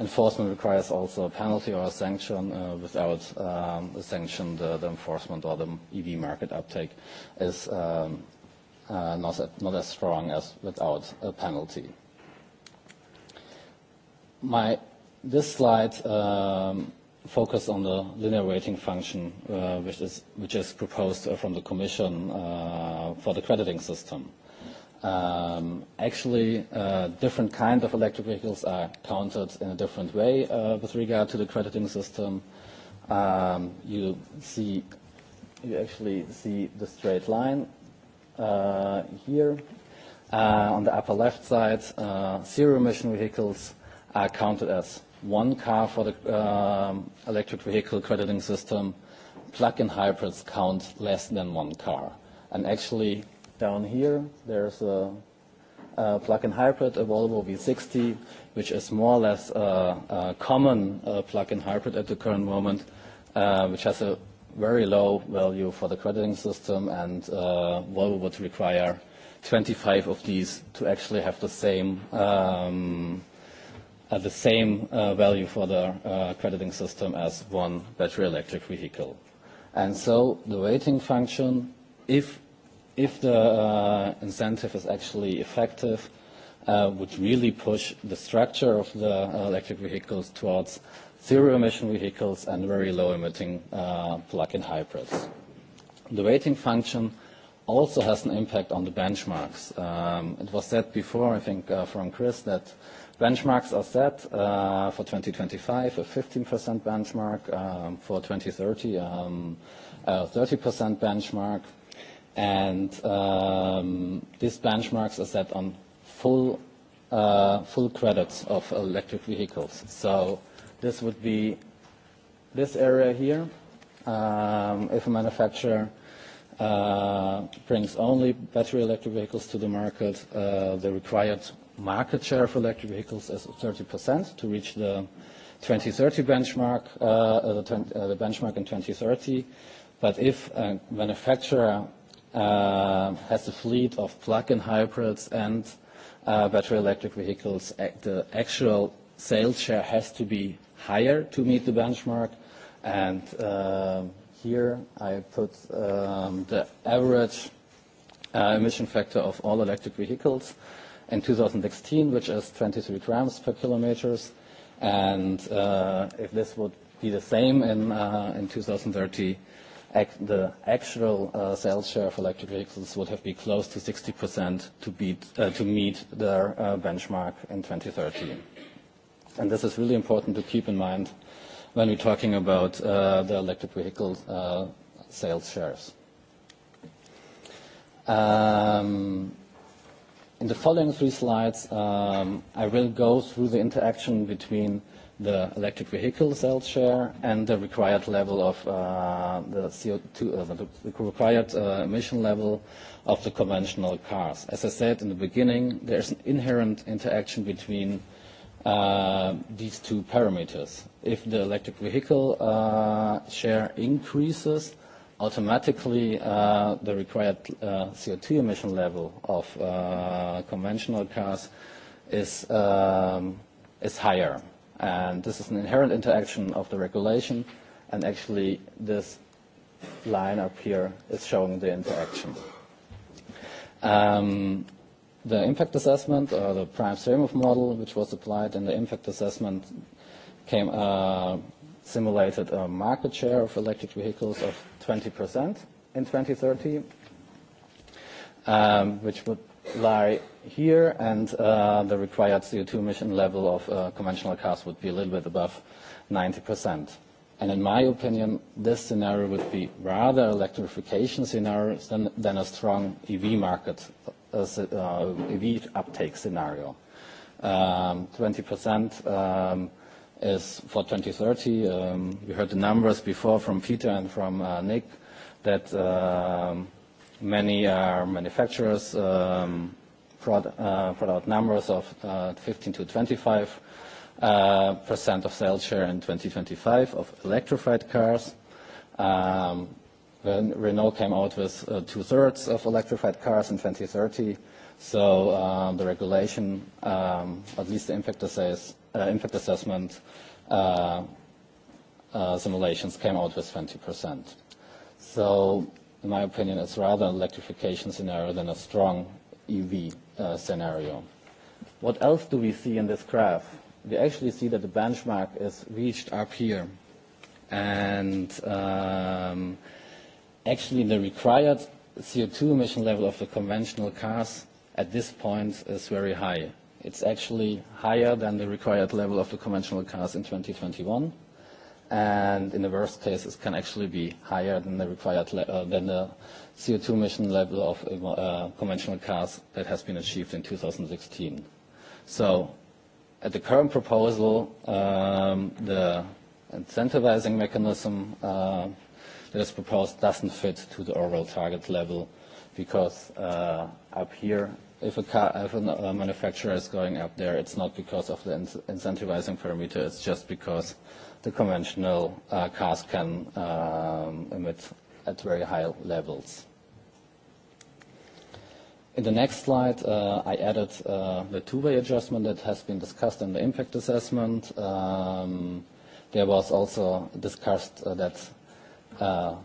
enforcement requires also a penalty or a sanction. Uh, without um, a sanction, the, the enforcement or the EV market uptake is um, uh, not, not as strong as without a penalty. My, this slide um, focused on the linear rating function, uh, which, is, which is proposed uh, from the Commission uh, for the crediting system. Uh, um, actually uh, different kind of electric vehicles are counted in a different way uh, with regard to the crediting system. Um, you see, you actually see the straight line uh, here. Uh, on the upper left side, uh, zero emission vehicles are counted as one car for the um, electric vehicle crediting system. Plug-in hybrids count less than one car. And actually, down here, there's a, a plug-in hybrid, a Volvo V60, which is more or less a, a common uh, plug-in hybrid at the current moment, uh, which has a very low value for the crediting system, and uh, Volvo would require 25 of these to actually have the same um, uh, the same uh, value for the uh, crediting system as one battery electric vehicle. And so the weighting function, if if the uh, incentive is actually effective, uh, would really push the structure of the electric vehicles towards zero emission vehicles and very low emitting uh, plug-in hybrids. The weighting function also has an impact on the benchmarks. Um, it was said before, I think, uh, from Chris, that benchmarks are set uh, for 2025, a 15% benchmark, um, for 2030, um, a 30% benchmark, And um, these benchmarks are set on full, uh, full credits of electric vehicles. So this would be this area here. Um, if a manufacturer uh, brings only battery electric vehicles to the market, uh, the required market share for electric vehicles is 30% to reach the 2030 benchmark, uh, the, uh, the benchmark in 2030. But if a manufacturer has a fleet of plug-in hybrids and uh, battery electric vehicles, the actual sales share has to be higher to meet the benchmark. And uh, here I put um, the average uh, emission factor of all electric vehicles in 2016, which is 23 grams per kilometers. And uh, if this would be the same in, uh, in 2030, the actual sales share of electric vehicles would have been close to 60% to beat to meet their benchmark in 2030. And This is really important to keep in mind when we're talking about the electric vehicle sales shares. In the following three slides, I will go through the interaction between the electric vehicle sales share and the required level of uh, the CO2, uh, the required uh, emission level of the conventional cars. As I said in the beginning, there is an inherent interaction between uh, these two parameters. If the electric vehicle uh, share increases, automatically uh, the required uh, CO2 emission level of uh, conventional cars is um, is higher And this is an inherent interaction of the regulation, and actually this line up here is showing the interaction. Um, the impact assessment, or the prime stream of model, which was applied in the impact assessment, came uh, simulated a market share of electric vehicles of 20% in 2030, um, which would lie here, and uh, the required CO2 emission level of uh, conventional cars would be a little bit above 90%. And in my opinion, this scenario would be rather electrification scenario than, than a strong EV market, uh, uh, EV uptake scenario. Um, 20% um, is for 2030. Um, we heard the numbers before from Peter and from uh, Nick that uh many uh, manufacturers um, product numbers of 15%-25% of sales share in 2025 of electrified cars. When Renault came out with two-thirds of electrified cars in 2030, so the regulation, at least the impact assessment simulations came out with 20%. So in my opinion, it's rather an electrification scenario than a strong EV uh, scenario. What else do we see in this graph? We actually see that the benchmark is reached up here. And um, actually the required CO2 emission level of the conventional cars at this point is very high. It's actually higher than the required level of the conventional cars in 2021 and in the worst cases can actually be higher than the required le- uh, than the CO2 emission level of uh, conventional cars that has been achieved in 2016. So, at the current proposal, um, the incentivizing mechanism uh, that is proposed doesn't fit to the overall target level because uh, up here if a car, if a manufacturer is going up there, it's not because of the incentivizing parameter, it's just because the conventional uh, cars can um, emit at very high levels. In the next slide, uh, I added uh, the two-way adjustment that has been discussed in the impact assessment. Um, there was also discussed uh, that uh,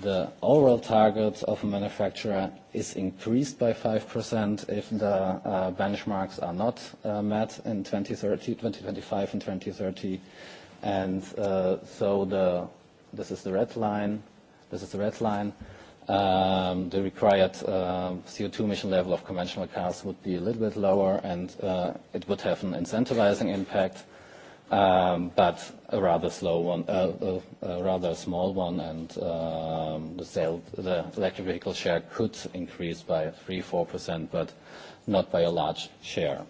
the overall target of a manufacturer is increased by 5% if the uh, benchmarks are not uh, met in 2030, 2025 and 2030. And uh, so the, this is the red line. This is the red line. Um, the required uh, CO2 emission level of conventional cars would be a little bit lower, and uh, it would have an incentivizing impact, um, but a rather slow one, uh, a, a rather small one, and um, the, sale, the electric vehicle share could increase by 3-4%, but not by a large share.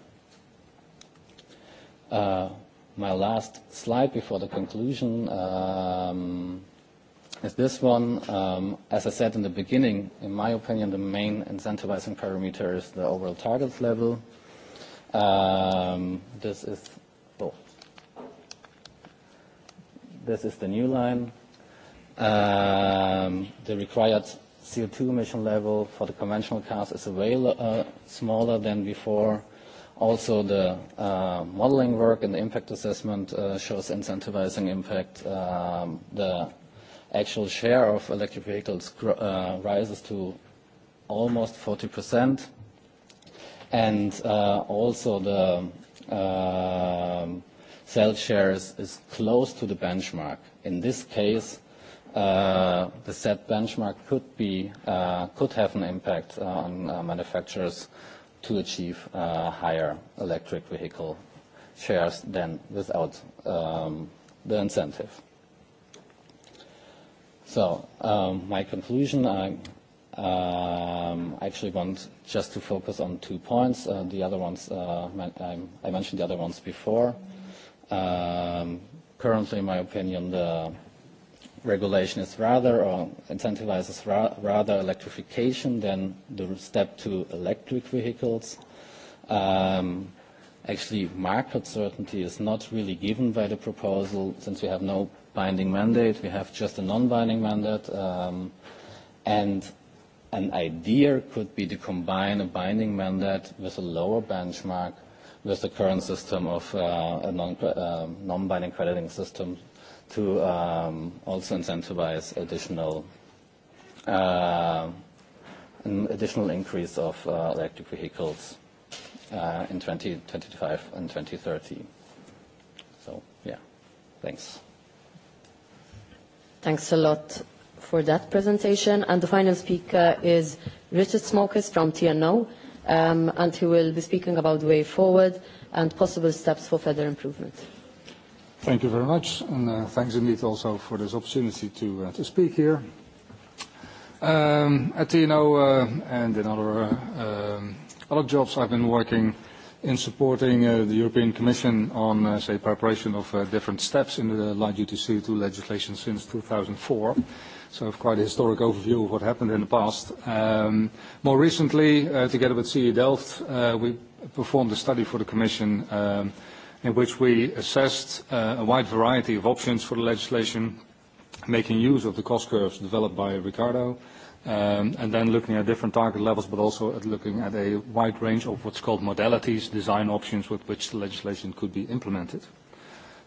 Uh, my last slide before the conclusion um, is this one. Um, as I said in the beginning, in my opinion, the main incentivizing parameter is the overall target level. Um, this is oh, this is the new line. Um, the required CO2 emission level for the conventional cars is way uh, smaller than before Also, the uh, modeling work and the impact assessment uh, shows incentivizing impact. Um, the actual share of electric vehicles gr uh, rises to almost 40%. And uh, also, the uh, sales share is, is close to the benchmark. In this case, uh, the set benchmark could be uh, could have an impact on uh, manufacturers' to achieve uh, higher electric vehicle shares than without um, the incentive. So um, my conclusion, I um, actually want just to focus on two points. Uh, the other ones, uh, I, I mentioned the other ones before. Um, currently, in my opinion, the regulation is rather, or incentivizes ra rather electrification than the step to electric vehicles. Um, actually, market certainty is not really given by the proposal since we have no binding mandate. We have just a non-binding mandate. Um, and an idea could be to combine a binding mandate with a lower benchmark with the current system of uh, a non-binding non crediting system to um, also incentivize additional uh, an additional increase of uh, electric vehicles uh, in 2025 and 2030. So yeah, thanks. Thanks a lot for that presentation. And the final speaker is Richard Smokers from TNO, um, and he will be speaking about the way forward and possible steps for further improvement. Thank you very much, and uh, thanks indeed also for this opportunity to, uh, to speak here. Um, at TNO uh, and in other, uh, um, other jobs, I've been working in supporting uh, the European Commission on, uh, say, preparation of uh, different steps in the light-duty CO2 legislation since 2004. So have quite a historic overview of what happened in the past. Um, more recently, uh, together with CE Delft, uh, we performed a study for the Commission um, – in which we assessed a wide variety of options for the legislation, making use of the cost curves developed by Ricardo, and then looking at different target levels, but also at looking at a wide range of what's called modalities, design options with which the legislation could be implemented.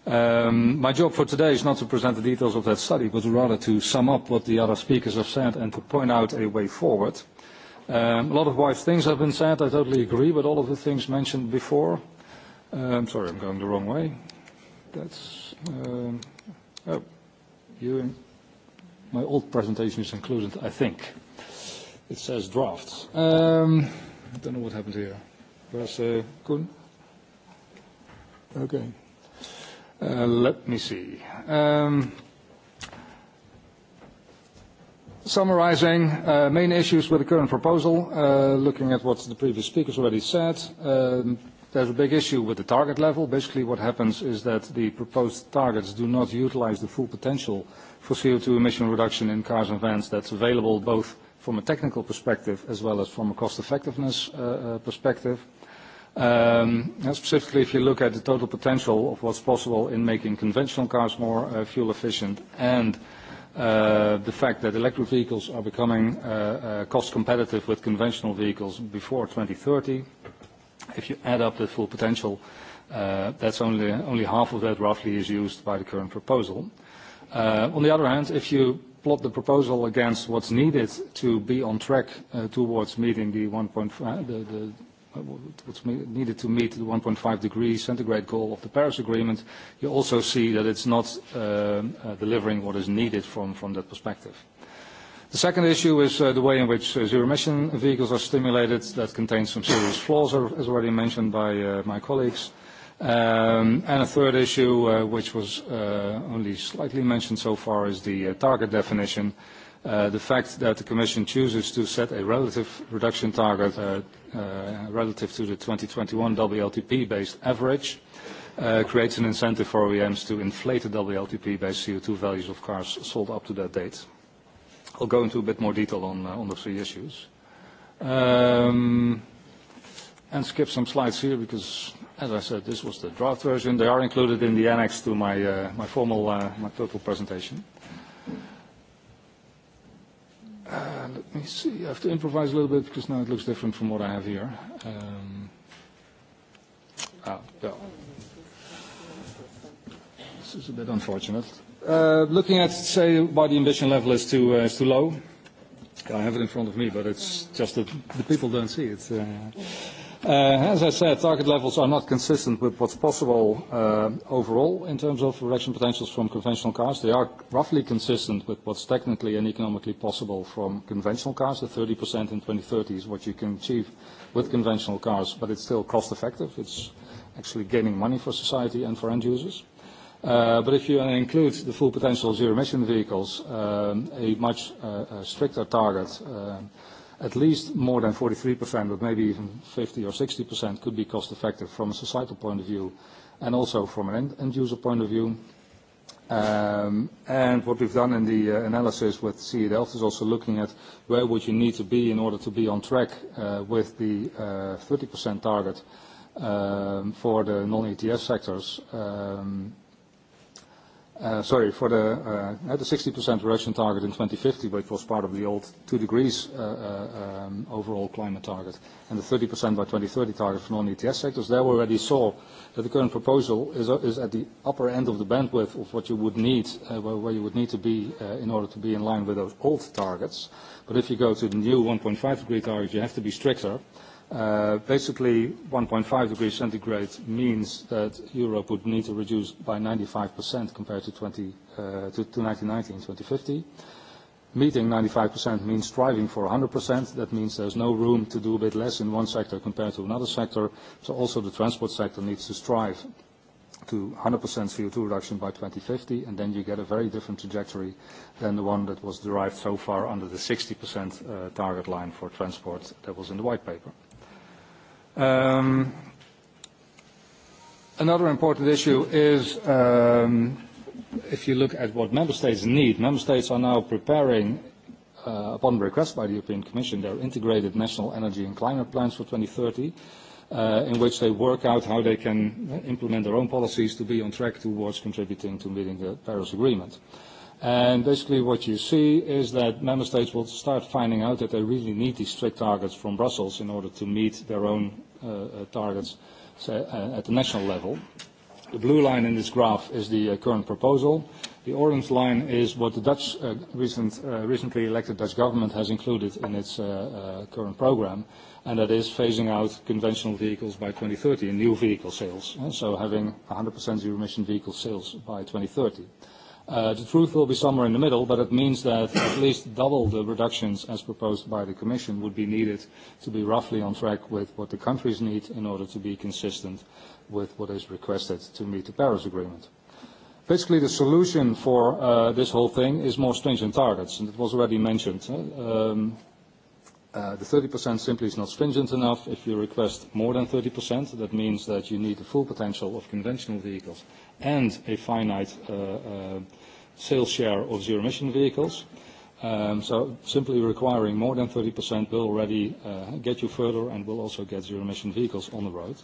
My job for today is not to present the details of that study, but rather to sum up what the other speakers have said and to point out a way forward. A lot of wise things have been said. I totally agree with all of the things mentioned before. I'm sorry, I'm going the wrong way. That's, um, oh, you, in my old presentation is included, I think. It says drafts. Um, I don't know what happened here. Where's uh, Kun? Okay. Uh, let me see. Um, Summarizing uh, main issues with the current proposal, uh, looking at what the previous speakers already said, um, There's a big issue with the target level. Basically, what happens is that the proposed targets do not utilize the full potential for CO2 emission reduction in cars and vans that's available both from a technical perspective as well as from a cost-effectiveness perspective. Specifically, if you look at the total potential of what's possible in making conventional cars more fuel efficient and the fact that electric vehicles are becoming cost competitive with conventional vehicles before 2030, If you add up the full potential, uh, that's only, only half of that roughly is used by the current proposal. Uh, on the other hand, if you plot the proposal against what's needed to be on track uh, towards meeting the 1.5, the, the, what's needed to meet the 1.5 degree centigrade goal of the Paris Agreement, you also see that it's not uh, uh, delivering what is needed from, from that perspective. The second issue is the way in which zero-emission vehicles are stimulated. That contains some serious flaws, as already mentioned by my colleagues. And a third issue, which was only slightly mentioned so far, is the target definition. The fact that the Commission chooses to set a relative reduction target relative to the 2021 WLTP-based average creates an incentive for OEMs to inflate the WLTP-based CO2 values of cars sold up to that date. I'll go into a bit more detail on the three issues. And skip some slides here because, as I said, this was the draft version. They are included in the annex to my formal, my total presentation. Let me see. I have to improvise a little bit because now it looks different from what I have here. Yeah. This is a bit unfortunate. Looking at, say, why the ambition level is too is too low. I have it in front of me, but it's just that the people don't see it. As I said, target levels are not consistent with what's possible overall in terms of reduction potentials from conventional cars. They are roughly consistent with what's technically and economically possible from conventional cars. The 30% in 2030 is what you can achieve with conventional cars, but it's still cost effective. It's actually gaining money for society and for end users. But if you include the full potential zero-emission vehicles, a much stricter target, at least more than 43%, but maybe even 50% or 60% could be cost-effective from a societal point of view and also from an end-user point of view. And what we've done in the analysis with CE Delft is also looking at where would you need to be in order to be on track with the 30% target for the non-ETS sectors. Um sorry, for the 60% reduction target in 2050, which was part of the old 2 degrees overall climate target, and the 30% by 2030 target for non-ETS sectors, there we already saw that the current proposal is at the upper end of the bandwidth of what you would need, where you would need to be in order to be in line with those old targets. But if you go to the new 1.5 degree target, you have to be stricter, Basically, 1.5 degrees centigrade means that Europe would need to reduce by 95% compared to 1990 and 2050. Meeting 95% means striving for 100%. That means there's no room to do a bit less in one sector compared to another sector. So Also the transport sector needs to strive to 100% CO2 reduction by 2050, and then you get a very different trajectory than the one that was derived so far under the 60% target line for transport that was in the white paper. Another important issue is if you look at what member states need, member states are now preparing, uh, upon request by the European Commission, their integrated national energy and climate plans for 2030, uh, in which they work out how they can implement their own policies to be on track towards contributing to meeting the Paris Agreement. Uh, And basically what you see is that member states will start finding out that they really need these strict targets from Brussels in order to meet their own uh, targets uh, at the national level. The blue line in this graph is the uh, current proposal. The orange line is what the Dutch uh, recent, uh, recently elected Dutch government has included in its uh, uh, current program, and that is phasing out conventional vehicles by 2030 and new vehicle sales, so having 100% zero-emission vehicle sales by 2030. Uh, the truth will be somewhere in the middle, but it means that at least double the reductions as proposed by the Commission would be needed to be roughly on track with what the countries need in order to be consistent with what is requested to meet the Paris Agreement. Basically, the solution for uh, this whole thing is more stringent targets, and it was already mentioned. Um, uh, the 30% simply is not stringent enough. If you request more than 30%, that means that you need the full potential of conventional vehicles and a finite uh, uh, sales share of zero-emission vehicles. So simply requiring more than 30% will already get you further and will also get zero-emission vehicles on the road.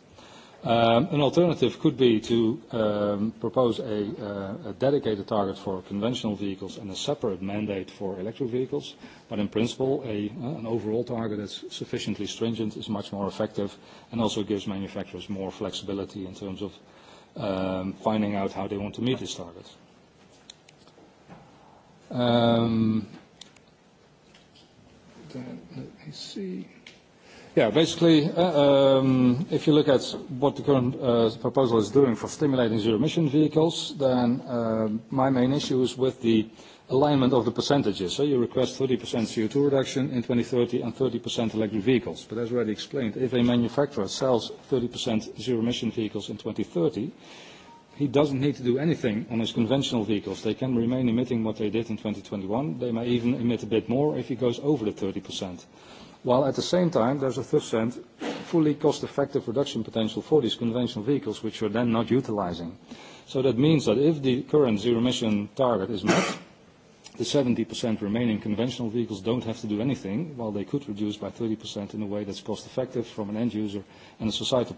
An alternative could be to propose a dedicated target for conventional vehicles and a separate mandate for electric vehicles. But in principle, an overall target that's sufficiently stringent is much more effective and also gives manufacturers more flexibility in terms of finding out how they want to meet this target. Um, let me see. Yeah, basically, um, if you look at what the current uh, proposal is doing for stimulating zero-emission vehicles, then uh, my main issue is with the alignment of the percentages. So you request 30% CO2 reduction in 2030 and 30% electric vehicles. But as already explained, if a manufacturer sells 30% zero-emission vehicles in 2030, he doesn't need to do anything on his conventional vehicles. They can remain emitting what they did in 2021. They may even emit a bit more if he goes over the 30%, while at the same time, there's a 30% fully cost-effective reduction potential for these conventional vehicles, which are then not utilizing. So that means that if the current zero-emission target is met, The 70% remaining conventional vehicles don't have to do anything, while they could reduce by 30% in a way that's cost-effective from an end user and a societal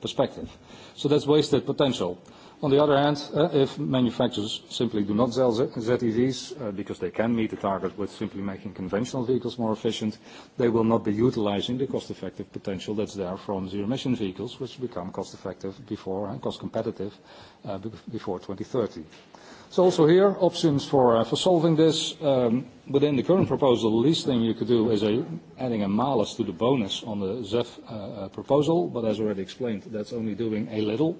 perspective. So that's wasted potential. On the other hand, if manufacturers simply do not sell ZEVs because they can meet the target with simply making conventional vehicles more efficient, they will not be utilizing the cost-effective potential that's there from zero-emission vehicles, which become cost-effective before and cost-competitive before 2030. So Also here, options for for solving this. Within the current proposal, the least thing you could do is adding a malus to the bonus on the ZEV proposal, but as already explained, that's only doing a little.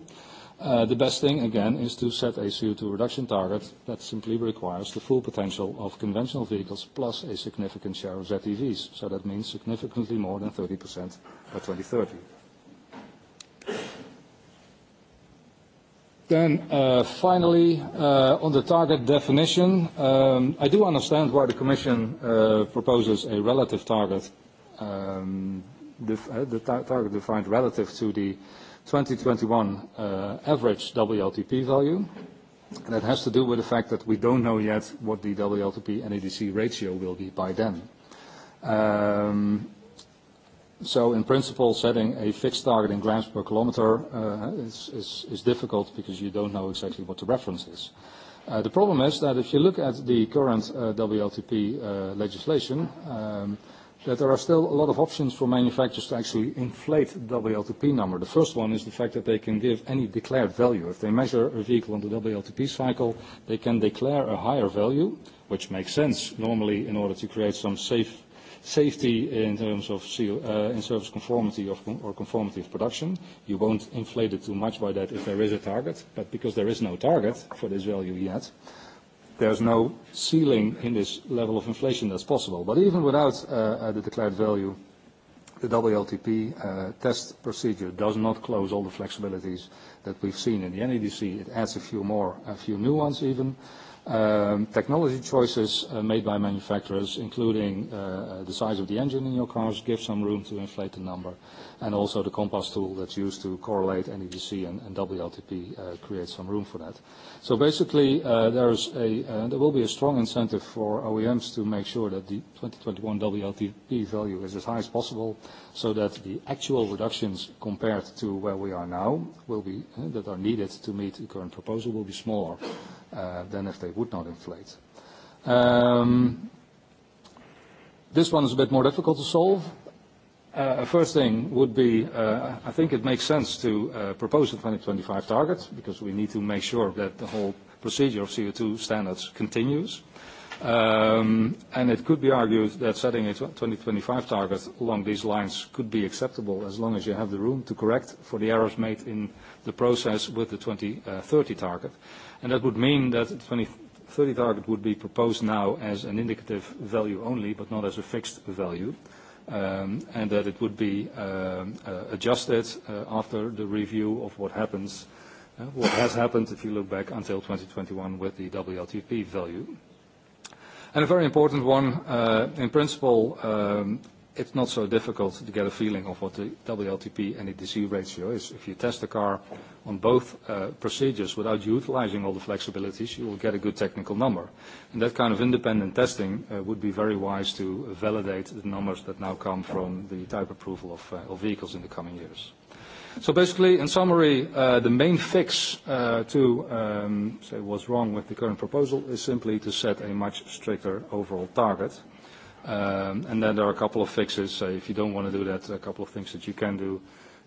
The best thing, again, is to set a CO2 reduction target that simply requires the full potential of conventional vehicles plus a significant share of ZEVs. So that means significantly more than 30% by 2030. Then finally, on the target definition, I do understand why the Commission proposes a relative target, the target defined relative to the 2021 average WLTP value. That has to do with the fact that we don't know yet what the WLTP NEDC ratio will be by then. So in principle, setting a fixed target in grams per kilometer is difficult because you don't know exactly what the reference is. The problem is that if you look at the current WLTP legislation, that there are still a lot of options for manufacturers to actually inflate the WLTP number. The first one is the fact that they can give any declared value. If they measure a vehicle on the WLTP cycle, they can declare a higher value, which makes sense normally in order to create some safety in terms of in-service conformity or conformity of production. You won't inflate it too much by that if there is a target, but because there is no target for this value yet, there's no ceiling in this level of inflation that's possible. But even without uh, the declared value, the WLTP uh, test procedure does not close all the flexibilities that we've seen in the NEDC. It adds a few more, a few new ones even. Uh, Um Technology choices made by manufacturers, including uh the size of the engine in your cars, give some room to inflate the number. and Also the COMPASS tool that's used to correlate NEDC and WLTP creates some room for that. So Basically, there will be a strong incentive for OEMs to make sure that the 2021 WLTP value is as high as possible so that the actual reductions compared to where we are now will be that are needed to meet the current proposal will be smaller uh, than if they would not inflate. Um, this one is a bit more difficult to solve. Uh, first thing would be, uh, I think it makes sense to uh, propose a 2025 target because we need to make sure that the whole procedure of CO2 standards continues. Um, and it could be argued that setting a 2025 target along these lines could be acceptable as long as you have the room to correct for the errors made in the process with the 2030 target. And that would mean that the 2030 target would be proposed now as an indicative value only, but not as a fixed value, and that it would be adjusted after the review of what happens, what has happened if you look back until 2021 with the WLTP value. And a very important one, in principle, it's not so difficult to get a feeling of what the WLTP DC ratio is. If you test the car on both uh, procedures without utilizing all the flexibilities, you will get a good technical number. And that kind of independent testing uh, would be very wise to validate the numbers that now come from the type approval of, uh, of vehicles in the coming years. So basically, in summary, uh, the main fix uh, to um, say what's wrong with the current proposal is simply to set a much stricter overall target Um, and then there are a couple of fixes. so if you don't want to do that, a couple of things that you can do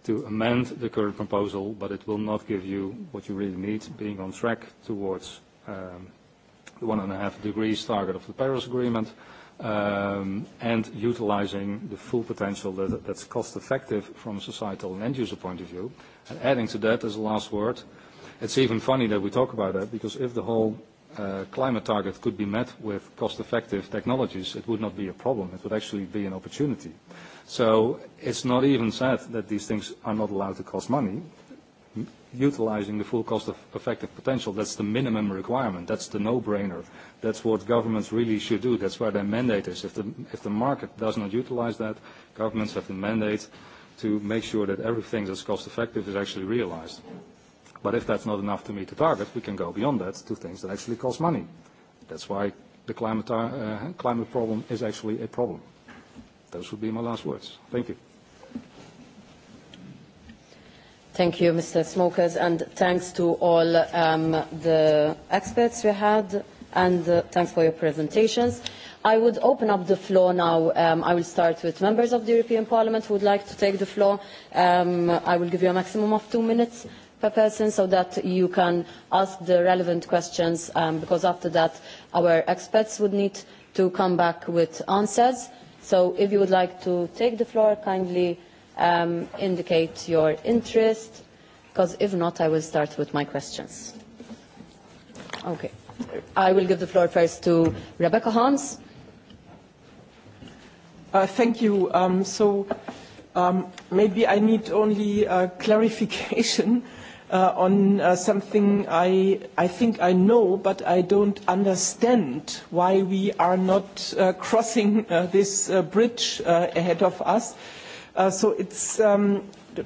to amend the current proposal, but it will not give you what you really need, being on track towards the one and a half degrees target of the Paris Agreement, and utilizing the full potential that, that's cost effective from a societal and end user point of view. And adding to that as a last word, it's even funny that we talk about that because if the whole uh, climate target could be met with cost-effective technologies, it would not be a problem. It would actually be an opportunity. So it's not even said that these things are not allowed to cost money. Utilizing the full cost of effective potential, that's the minimum requirement. That's the no-brainer. That's what governments really should do. That's where their mandate is. If the, if the market does not utilize that, governments have the mandate to make sure that everything that's cost effective is actually realized. Yeah. But if that's not enough to meet the target, we can go beyond that to things that actually cost money. That's why the climate, uh, climate problem is actually a problem. Those would be my last words. Thank you. Thank you, Mr. Smokers, and thanks to all um, the experts we had, and uh, thanks for your presentations. I would open up the floor now. Um, I will start with members of the European Parliament who would like to take the floor. Um, I will give you a maximum of two minutes per person so that you can ask the relevant questions because after that our experts would need to come back with answers. So if you would like to take the floor, kindly um, indicate your interest because if not, I will start with my questions. Okay. I will give the floor first to Rebecca Hans. Uh, thank you. Um, so um, maybe I need only uh, clarification uh, on uh, something I, I think I know, but I don't understand why we are not uh, crossing uh, this uh, bridge uh, ahead of us. Uh, so it's, um,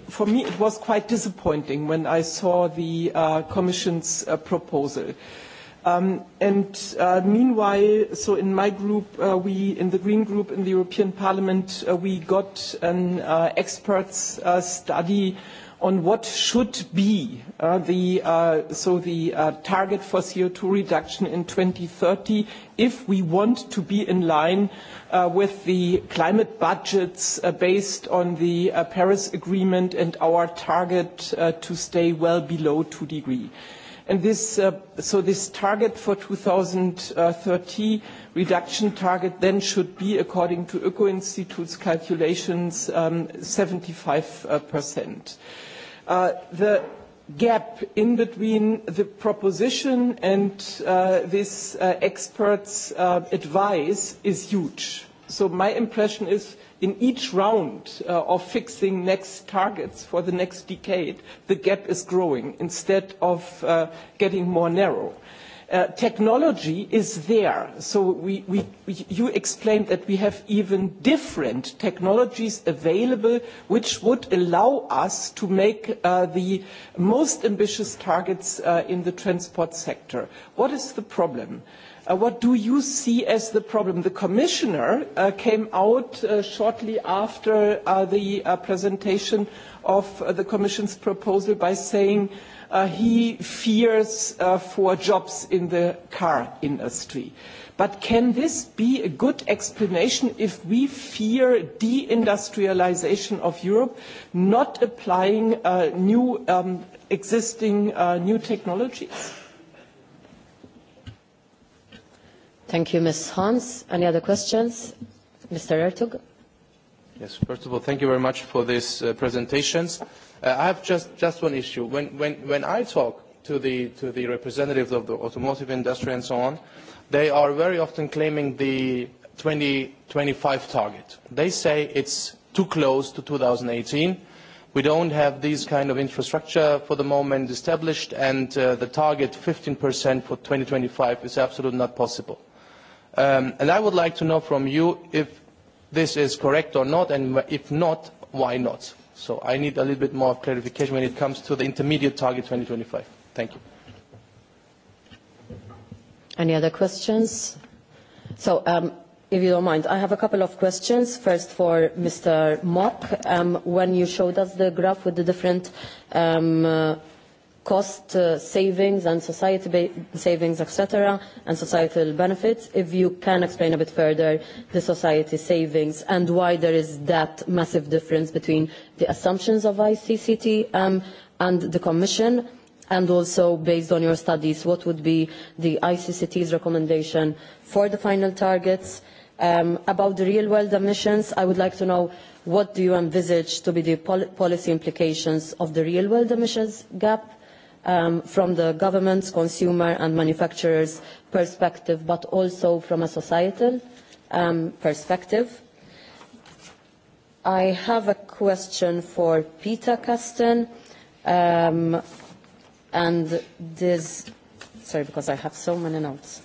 for me, it was quite disappointing when I saw the uh, Commission's uh, proposal. Um, and uh, meanwhile, so in my group, uh, we, in the Green Group in the European Parliament, uh, we got an uh, experts uh, study uh, on what should be the target for CO2 reduction in 2030 if we want to be in line with the climate budgets based on the Paris Agreement and our target to stay well below 2 degrees. And this, so this target for 2030 reduction target then should be, according to Öko Institute's calculations, 75%. the gap in between the proposition and this expert's advice is huge. So my impression is in each round of fixing next targets for the next decade, the gap is growing instead of getting more narrow. Technology is there. So we we You explained that we have even different technologies available, which would allow us to make the most ambitious targets in the transport sector. What is the problem? what do you see as the problem? The commissioner came out shortly after the presentation of the commission's proposal by saying he fears for jobs in the car industry. But can this be a good explanation if we fear industrialisation of Europe, not applying new, existing new technologies? Thank you, Ms. Hans. Any other questions? Mr. Ertug? Yes, first of all, thank you very much for these uh, presentations. Uh, I have just, just one issue. When, when, when I talk to the, to the representatives of the automotive industry and so on, they are very often claiming the 2025 target. They say it's too close to 2018. We don't have these kind of infrastructure for the moment established, and uh, the target 15% for 2025 is absolutely not possible and I would like to know from you if this is correct or not, and if not, why not? So I need a little bit more clarification when it comes to the intermediate target 2025. Thank you. Any other questions? So, um, if you don't mind, I have a couple of questions. First for Mr. Mock. Um, when you showed us the graph with the different um, cost uh, savings and society savings, etc., and societal benefits. If you can explain a bit further the society savings and why there is that massive difference between the assumptions of ICCT um, and the Commission, and also based on your studies, what would be the ICCT's recommendation for the final targets? Um, about the real-world emissions, I would like to know what do you envisage to be the pol policy implications of the real-world emissions gap um, from the government's, consumer and manufacturers' perspective, but also from a societal um, perspective. I have a question for Peter Kasten, um, and this, sorry, because I have so many notes.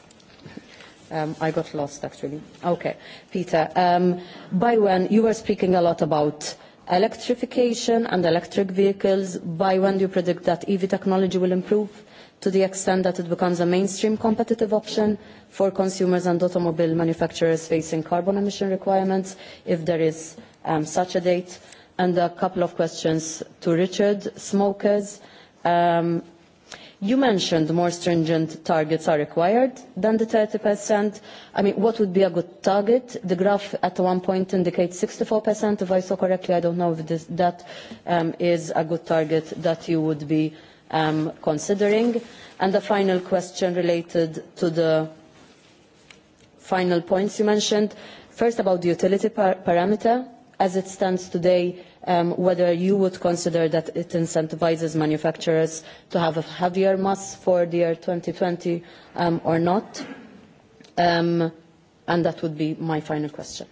Um, I got lost actually. Okay, Peter. Um, by when you were speaking a lot about electrification and electric vehicles, by when do you predict that EV technology will improve to the extent that it becomes a mainstream competitive option for consumers and automobile manufacturers facing carbon emission requirements, if there is um, such a date? And a couple of questions to Richard. Smokers, um, You mentioned more stringent targets are required than the thirty I mean, what would be a good target? The graph at one point indicates sixty four if I saw correctly. I don't know if this, that um, is a good target that you would be um, considering. And the final question related to the final points you mentioned. First, about the utility par parameter. As it stands today, whether you would consider that it incentivises manufacturers to have a heavier mass for the year 2020 um, or not. Um, and that would be my final question.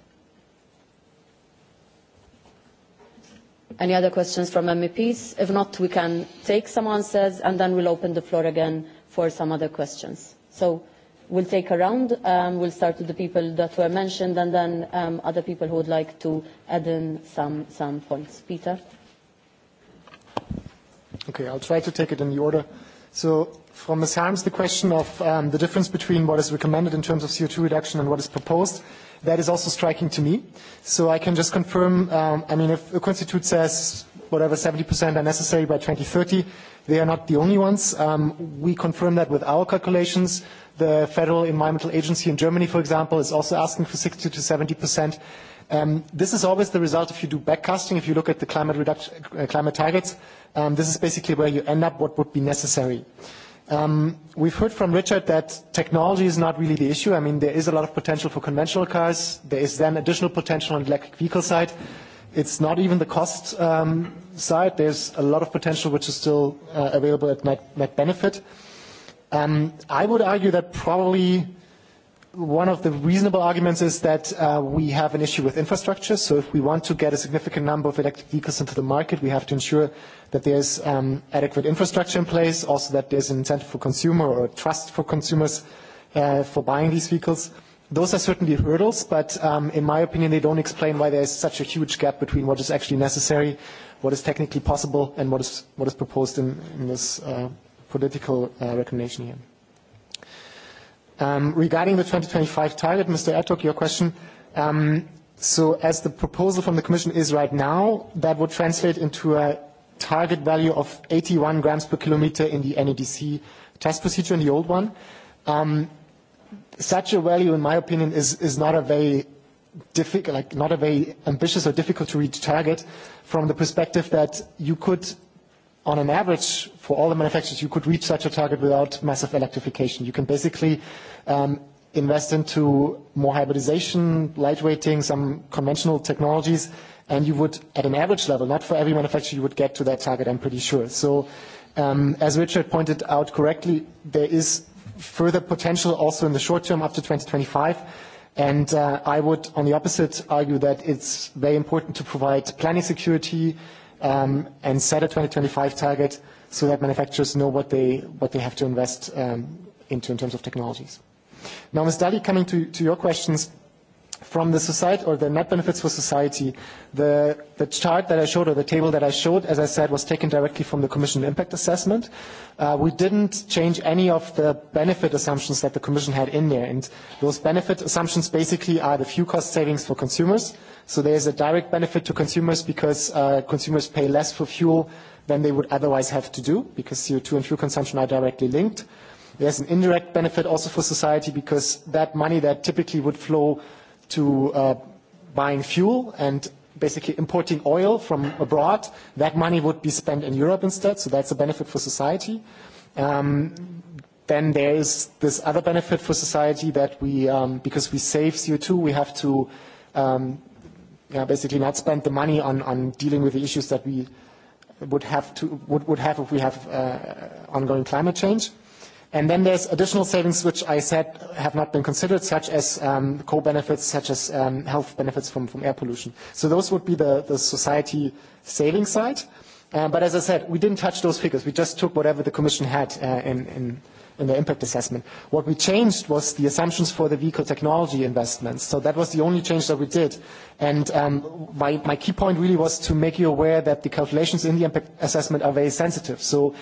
Any other questions from MEPs? If not, we can take some answers and then we'll open the floor again for some other questions. So We'll take a round. we'll start with the people that were mentioned and then other people who would like to add in some, some points. Peter? Okay, I'll try to take it in the order. So from Ms. Harms, the question of the difference between what is recommended in terms of CO2 reduction and what is proposed, that is also striking to me. So I can just confirm, I mean, if the constituent says whatever 70% are necessary by 2030, they are not the only ones. we confirm that with our calculations. The Federal Environmental Agency in Germany, for example, is also asking for 60 to 70 percent. Um, this is always the result if you do backcasting, if you look at the climate, reduction, uh, climate targets. Um, this is basically where you end up, what would be necessary. Um, we've heard from Richard that technology is not really the issue. I mean, there is a lot of potential for conventional cars. There is then additional potential on the electric vehicle side. It's not even the cost um, side. There's a lot of potential which is still uh, available at net, net benefit. Uh, Um, I would argue that probably one of the reasonable arguments is that uh, we have an issue with infrastructure. So if we want to get a significant number of electric vehicles into the market, we have to ensure that there's um, adequate infrastructure in place, also that there's an incentive for consumer or trust for consumers uh, for buying these vehicles. Those are certainly hurdles, but um, in my opinion, they don't explain why there is such a huge gap between what is actually necessary, what is technically possible, and what is, what is proposed in, in this uh, political uh, recognition here. Um, regarding the 2025 target, Mr. Ertug, your question. Um, so as the proposal from the Commission is right now, that would translate into a target value of 81 grams per kilometer in the NEDC test procedure in the old one. Um, such a value, in my opinion, is, is not a very difficult, like not a very ambitious or difficult to reach target from the perspective that you could on an average, for all the manufacturers, you could reach such a target without massive electrification. You can basically um, invest into more hybridization, lightweighting, some conventional technologies, and you would, at an average level, not for every manufacturer, you would get to that target, I'm pretty sure. So, um, as Richard pointed out correctly, there is further potential also in the short term up to 2025. And uh, I would, on the opposite, argue that it's very important to provide planning security, um, and set a 2025 target so that manufacturers know what they, what they have to invest um, into in terms of technologies. Now, Ms. Dalli, coming to, to your questions, from the society or the net benefits for society. The, the chart that I showed or the table that I showed, as I said, was taken directly from the Commission impact assessment. Uh, we didn't change any of the benefit assumptions that the Commission had in there. And those benefit assumptions basically are the fuel cost savings for consumers. So there's a direct benefit to consumers because uh, consumers pay less for fuel than they would otherwise have to do because CO2 and fuel consumption are directly linked. There's an indirect benefit also for society because that money that typically would flow to uh, buying fuel and basically importing oil from abroad, that money would be spent in Europe instead, so that's a benefit for society. Um, then there is this other benefit for society that we, um, because we save CO2, we have to um, yeah, basically not spend the money on, on dealing with the issues that we would have, to, would, would have if we have uh, ongoing climate change. And then there's additional savings which I said have not been considered, such as um, co-benefits, such as um, health benefits from, from air pollution. So those would be the, the society saving side. Uh, but as I said, we didn't touch those figures. We just took whatever the Commission had uh, in, in in the impact assessment. What we changed was the assumptions for the vehicle technology investments. So that was the only change that we did. And um, my, my key point really was to make you aware that the calculations in the impact assessment are very sensitive. So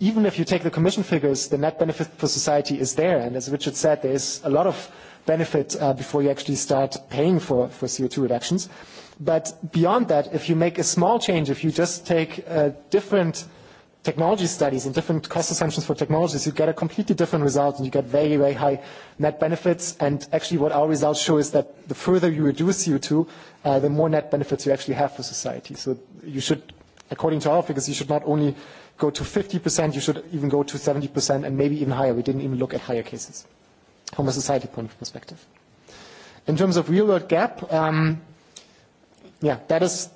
even if you take the commission figures, the net benefit for society is there. And as Richard said, there is a lot of benefit uh, before you actually start paying for, for CO2 reductions. But beyond that, if you make a small change, if you just take a different – technology studies and different cost assumptions for technologies, you get a completely different result and you get very, very high net benefits. And actually what our results show is that the further you reduce CO2, uh, the more net benefits you actually have for society. So you should, according to our figures, you should not only go to 50%, you should even go to 70% and maybe even higher. We didn't even look at higher cases from a society point of perspective. In terms of real-world gap, um, yeah, that is,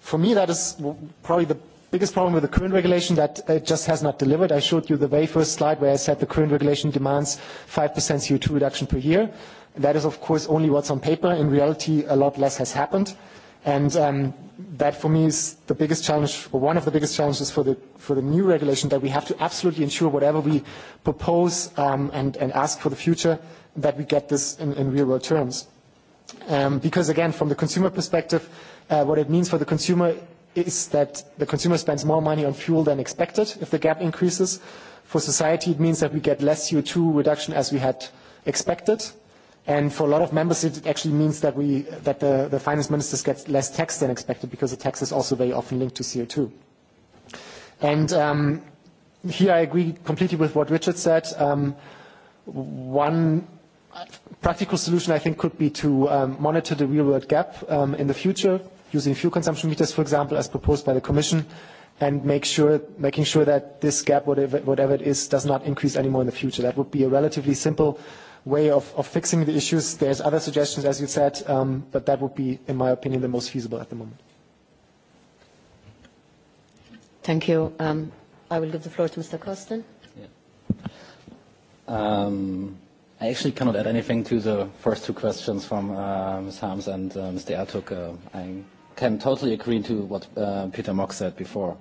for me, that is probably the biggest problem with the current regulation that it just has not delivered. I showed you the very first slide where I said the current regulation demands 5% CO2 reduction per year. That is, of course, only what's on paper. In reality, a lot less has happened. And um, that, for me, is the biggest challenge, or one of the biggest challenges for the, for the new regulation, that we have to absolutely ensure whatever we propose um, and, and ask for the future, that we get this in, in real-world terms. Um, because, again, from the consumer perspective, uh, what it means for the consumer is that the consumer spends more money on fuel than expected if the gap increases. For society, it means that we get less CO2 reduction as we had expected. And for a lot of members, it actually means that, we, that the, the finance ministers get less tax than expected because the tax is also very often linked to CO2. And um, here I agree completely with what Richard said. Um, one practical solution I think could be to um, monitor the real world gap um, in the future using fuel consumption meters, for example, as proposed by the Commission, and make sure, making sure that this gap, whatever, whatever it is, does not increase anymore in the future. That would be a relatively simple way of, of fixing the issues. There's other suggestions, as you said, um, but that would be, in my opinion, the most feasible at the moment. Thank you. Um, I will give the floor to Mr. Kosten. Yeah. Um, I actually cannot add anything to the first two questions from uh, Ms. Harms and uh, Mr. Ertug. Uh, I can totally agree to what uh, Peter Mock said before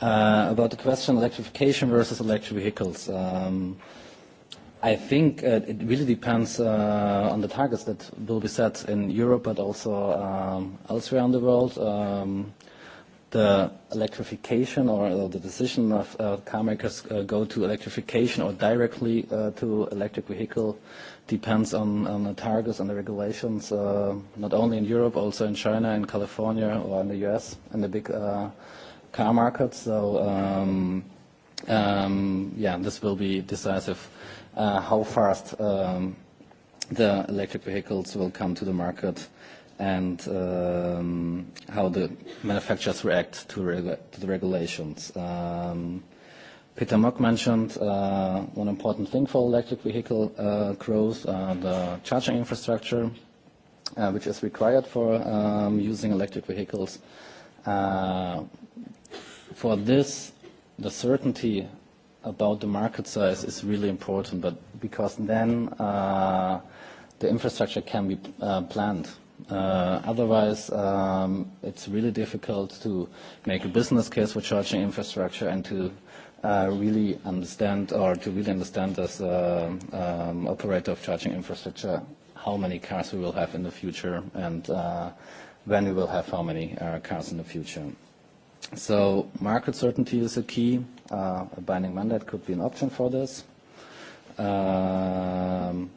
uh, about the question electrification versus electric vehicles. Um, I think uh, it really depends uh, on the targets that will be set in Europe, but also um, elsewhere in the world. Um, the electrification or the decision of uh, car makers uh, go to electrification or directly uh, to electric vehicle depends on, on the targets and the regulations, uh, not only in Europe, also in China, in California, or in the US, in the big uh, car markets. So, um, um, yeah, this will be decisive uh, how fast um, the electric vehicles will come to the market and um, how the manufacturers react to, regu- to the regulations. Um, Peter Mock mentioned uh, one important thing for electric vehicle uh, growth, uh, the charging infrastructure, uh, which is required for um, using electric vehicles. Uh, for this, the certainty about the market size is really important, but because then uh, the infrastructure can be uh, planned. Uh, otherwise, um, it's really difficult to make a business case for charging infrastructure and to uh, really understand or to really understand as an um, operator of charging infrastructure how many cars we will have in the future and uh, when we will have how many uh, cars in the future. So market certainty is a key. Uh, a binding mandate could be an option for this. Um,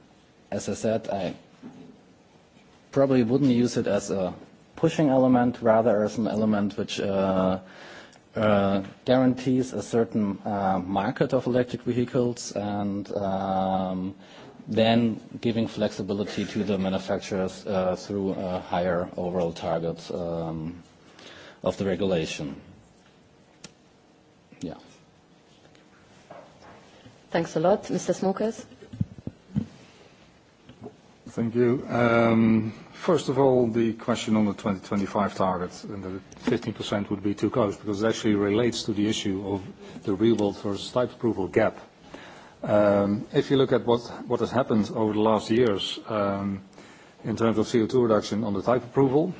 as I said, I probably wouldn't use it as a pushing element, rather as an element which uh, uh, guarantees a certain uh, market of electric vehicles and um, then giving flexibility to the manufacturers uh, through a higher overall target um, of the regulation. Yeah. Thanks a lot. Mr. Smokers? Thank you. Um, First of all, the question on the 2025 target and the 15% would be too close because it actually relates to the issue of the real world versus type approval gap. If you look at what has happened over the last years in terms of CO2 reduction on the type approval,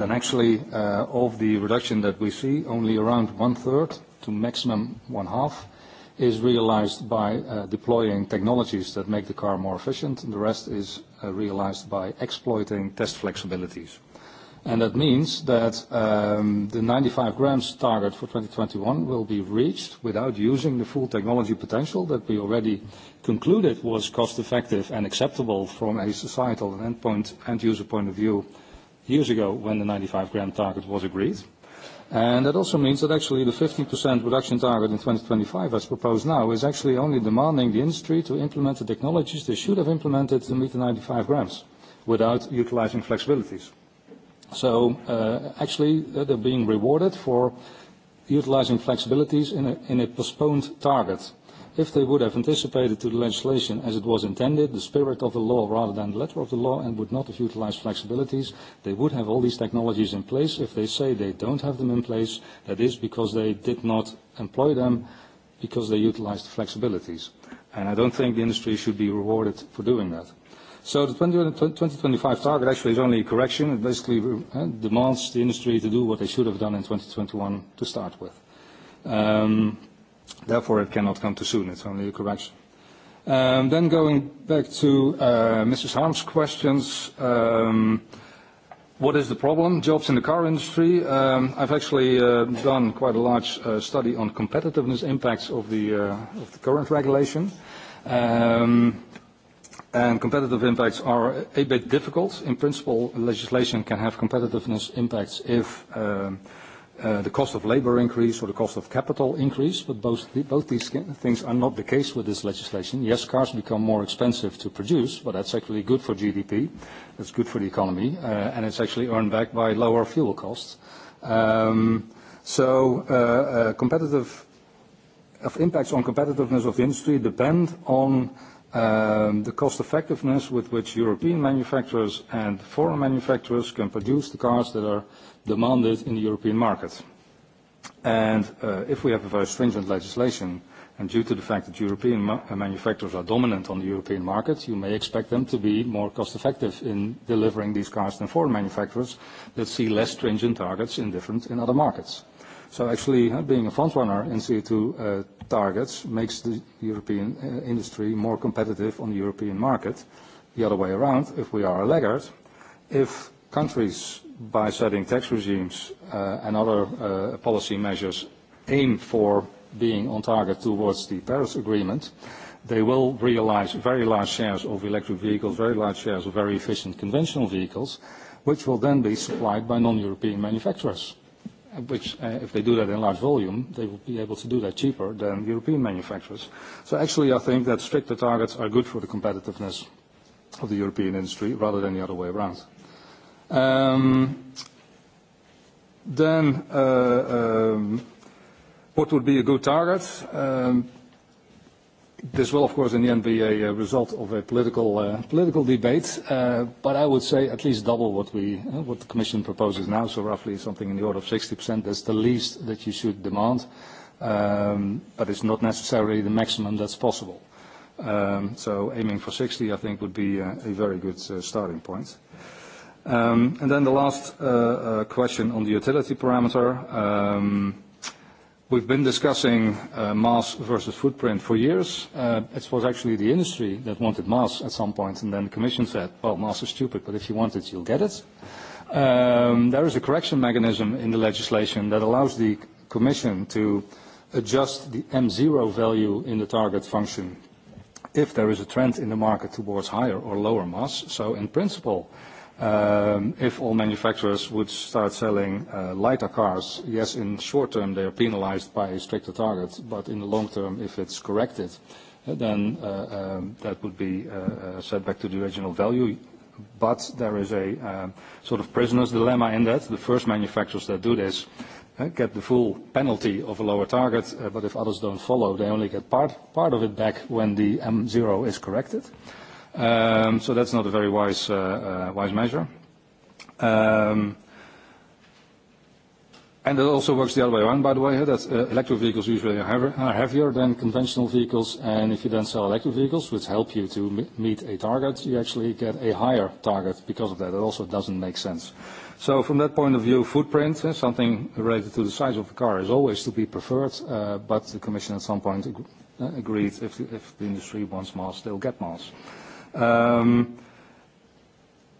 then actually of the reduction that we see, only around one-third to maximum one-half is realized by deploying technologies that make the car more efficient. and The rest is realized by exploiting test flexibilities. That means that the 95 grams target for 2021 will be reached without using the full technology potential that we already concluded was cost-effective and acceptable from a societal and end user point of view years ago when the 95 gram target was agreed. And that also means that actually the 15% reduction target in 2025 as proposed now is actually only demanding the industry to implement the technologies they should have implemented to meet the 95 grams without utilizing flexibilities. So uh, actually they're being rewarded for utilizing flexibilities in a, in a postponed target If they would have anticipated to the legislation as it was intended, the spirit of the law rather than the letter of the law, and would not have utilized flexibilities, they would have all these technologies in place. If they say they don't have them in place, that is because they did not employ them because they utilized flexibilities. And I don't think the industry should be rewarded for doing that. So the 2025 target actually is only a correction. It basically demands the industry to do what they should have done in 2021 to start with. Um, Therefore, it cannot come too soon. It's only a correction. then going back to uh, Mrs. Harm's questions, um, what is the problem? Jobs in the car industry. Um, I've actually uh, done quite a large uh, study on competitiveness impacts of the, uh, of the current regulation. Um, and competitive impacts are a bit difficult. In principle, legislation can have competitiveness impacts if um, – the cost of labor increase or the cost of capital increase, but both these things are not the case with this legislation. Yes, cars become more expensive to produce, but that's actually good for GDP, that's good for the economy, and it's actually earned back by lower fuel costs. So, competitive impacts on competitiveness of the industry depend on the cost effectiveness with which European manufacturers and foreign manufacturers can produce the cars that are demanded in the European market. If we have a very stringent legislation, and due to the fact that European manufacturers are dominant on the European market, you may expect them to be more cost-effective in delivering these cars than foreign manufacturers that see less stringent targets in different in other markets. So actually, being a frontrunner in CO2 targets makes the European industry more competitive on the European market. The other way around, if we are a laggard, if countries, by setting tax regimes and other policy measures, aim for being on target towards the Paris Agreement, they will realize very large shares of electric vehicles, very large shares of very efficient conventional vehicles, which will then be supplied by non-European manufacturers which uh, if they do that in large volume, they will be able to do that cheaper than European manufacturers. So actually I think that stricter targets are good for the competitiveness of the European industry rather than the other way around. Um, then uh, um, what would be a good target? Um, This will, of course, in the end, be a result of a political uh, political debate. Uh, but I would say at least double what we uh, what the Commission proposes now, so roughly something in the order of 60%. That's the least that you should demand, um, but it's not necessarily the maximum that's possible. Um, so aiming for 60, I think, would be uh, a very good uh, starting point. Um, and then the last uh, uh, question on the utility parameter. Um, We've been discussing uh, mass versus footprint for years. Uh, it was actually the industry that wanted mass at some point, and then the Commission said, well, mass is stupid, but if you want it, you'll get it. Um, there is a correction mechanism in the legislation that allows the Commission to adjust the M0 value in the target function if there is a trend in the market towards higher or lower mass. So in principle, If all manufacturers would start selling lighter cars, yes, in short term, they are penalized by a stricter target, but in the long term, if it's corrected, then that would be set back to the original value. But there is a sort of prisoner's dilemma in that. The first manufacturers that do this get the full penalty of a lower target, but if others don't follow, they only get part of it back when the M0 is corrected. Um, so that's not a very wise, measure. And it also works the other way around, by the way, that uh, electric vehicles usually are heavier than conventional vehicles, and if you then sell electric vehicles, which help you to meet a target, you actually get a higher target because of that. It also doesn't make sense. So from that point of view, footprint, something related to the size of the car, is always to be preferred, uh, but the Commission at some point ag agreed if, if the industry wants mass, they'll get mass. Um,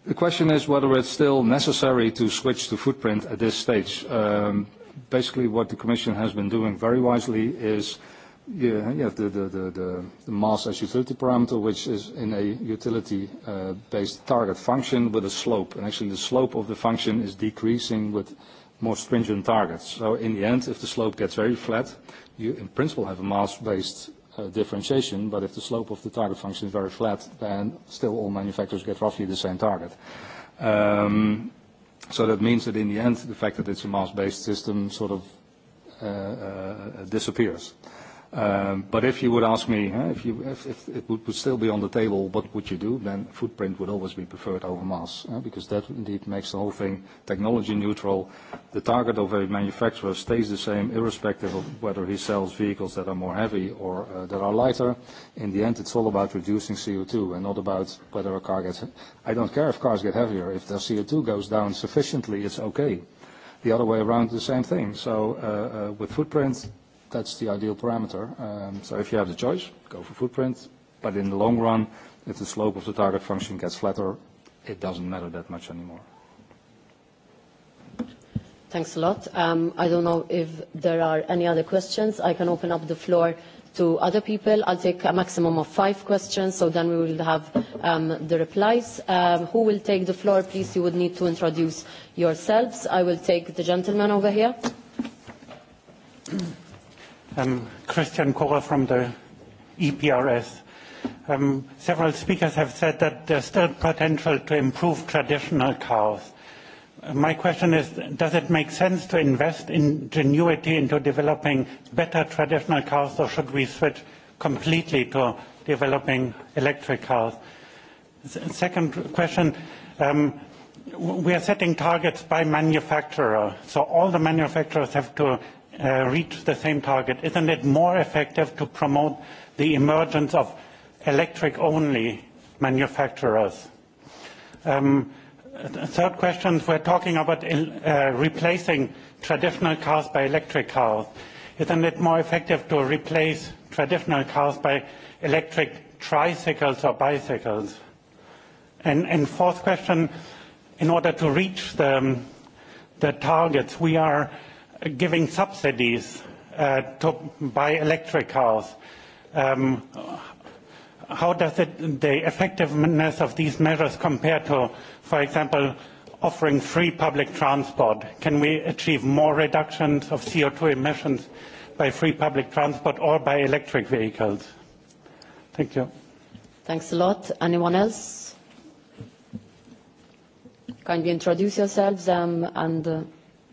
the question is whether it's still necessary to switch to footprint at this stage. Um, basically, what the Commission has been doing very wisely is you have the, the, the, the, the mass as utility parameter, which is in a utility-based target function with a slope. And actually, the slope of the function is decreasing with more stringent targets. So in the end, if the slope gets very flat, you in principle have a mass-based differentiation, but if the slope of the target function is very flat, then still all manufacturers get roughly the same target. So that means that in the end, the fact that it's a mass-based system sort of disappears. Uh But if you would ask me, if you if it would still be on the table, what would you do? Then footprint would always be preferred over mass, because that indeed makes the whole thing technology neutral. The target of a manufacturer stays the same, irrespective of whether he sells vehicles that are more heavy or that are lighter. In the end, it's all about reducing CO2 and not about whether a car gets... I don't care if cars get heavier. If their CO2 goes down sufficiently, it's okay. The other way around, the same thing. So, with footprint, that's the ideal parameter. Um, so if you have the choice, go for footprint. But in the long run, if the slope of the target function gets flatter, it doesn't matter that much anymore. Thanks a lot. Um, I don't know if there are any other questions. I can open up the floor to other people. I'll take a maximum of five questions, so then we will have um, the replies. Um, who will take the floor? Please, you would need to introduce yourselves. I will take the gentleman over here um, Christian Korra from the EPRS. Um, several speakers have said that there's still potential to improve traditional cars. My question is, does it make sense to invest ingenuity into developing better traditional cars, or should we switch completely to developing electric cars? Second question, um, we are setting targets by manufacturer, so all the manufacturers have to uh, reach the same target? Isn't it more effective to promote the emergence of electric-only manufacturers? Um, third question, we're talking about uh, replacing traditional cars by electric cars. Isn't it more effective to replace traditional cars by electric tricycles or bicycles? And, and fourth question, in order to reach the, the targets, we are giving subsidies uh, to buy electric cars. Um, how does it, the effectiveness of these measures compare to, for example, offering free public transport? Can we achieve more reductions of CO2 emissions by free public transport or by electric vehicles? Thank you. Thanks a lot. Anyone else? Can you introduce yourselves um, and... Uh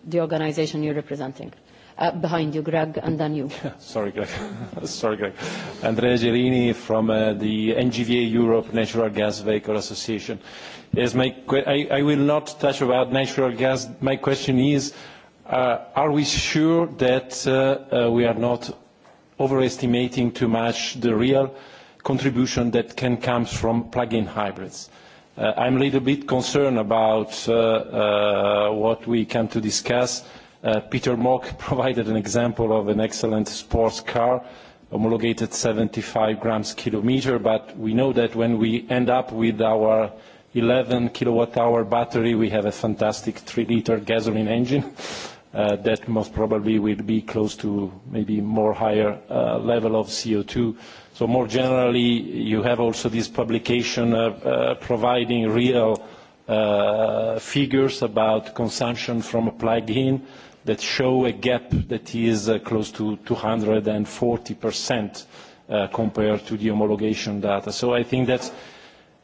the organization you're representing. Uh, behind you, Greg, and then you. Sorry, Greg. Sorry, Greg. Andrea Gerini from uh, the NGVA Europe Natural Gas Vehicle Association. Yes, my que- I, I will not touch about natural gas. My question is, uh, are we sure that uh, uh, we are not overestimating too much the real contribution that can come from plug-in hybrids? Uh, I'm a little bit concerned about what we came to discuss. Peter Mock provided an example of an excellent sports car, homologated 75 grams kilometer, but we know that when we end up with our 11 kilowatt-hour battery, we have a fantastic 3-liter gasoline engine that most probably will be close to maybe more higher level of CO2 So more generally, you have also this publication uh, providing real uh, figures about consumption from a plug-in that show a gap that is uh, close to 240% uh, compared to the homologation data. So I think that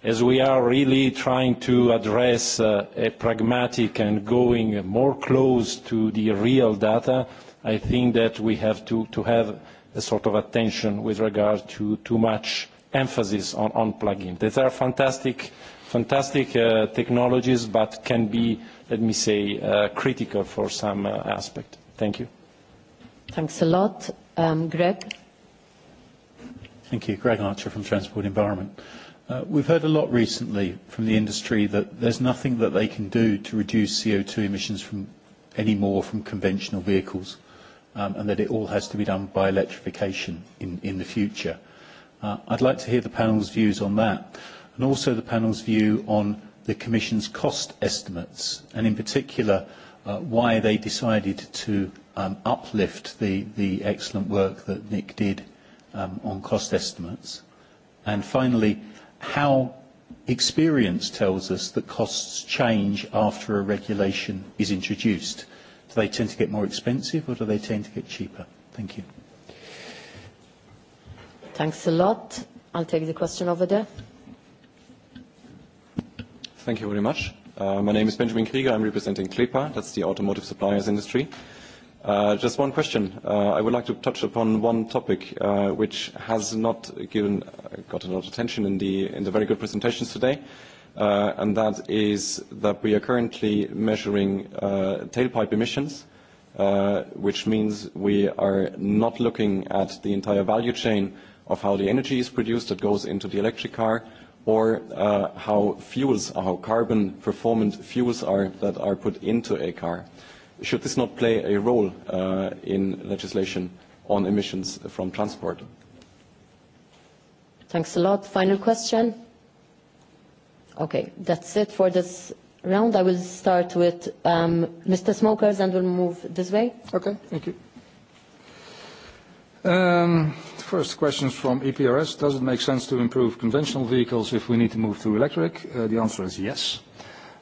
as we are really trying to address uh, a pragmatic and going more close to the real data, I think that we have to, to have a sort of attention with regard to too much emphasis on, on plug-in. These are fantastic, fantastic uh, technologies, but can be, let me say, uh, critical for some uh, aspect. Thank you. Thanks a lot. Um, Greg? Thank you. Greg Archer from Transport Environment. Uh, we've heard a lot recently from the industry that there's nothing that they can do to reduce CO2 emissions from any more from conventional vehicles and that it all has to be done by electrification in, in the future. Uh, I'd like to hear the panel's views on that, and also the panel's view on the Commission's cost estimates, and in particular, uh, why they decided to um, uplift the, the excellent work that Nick did um, on cost estimates. And finally, how experience tells us that costs change after a regulation is introduced. Do they tend to get more expensive or do they tend to get cheaper? Thank you. Thanks a lot. I'll take the question over there. Thank you very much. my name is Benjamin Krieger. I'm representing CLEPA. That's the automotive suppliers industry. just one question. I would like to touch upon one topic which has not given, uh, got a lot of attention in the, in the very good presentations today, and that is that we are currently measuring tailpipe emissions, which means we are not looking at the entire value chain of how the energy is produced that goes into the electric car or how fuels, how carbon-performant fuels are that are put into a car. Should this not play a role in legislation on emissions from transport? Thanks a lot. Final question? Okay, that's it for this round. I will start with um, Mr. Smokers and we'll move this way. Okay, thank you. Um, first question from EPRS. Does it make sense to improve conventional vehicles if we need to move to electric? Uh, the answer is yes.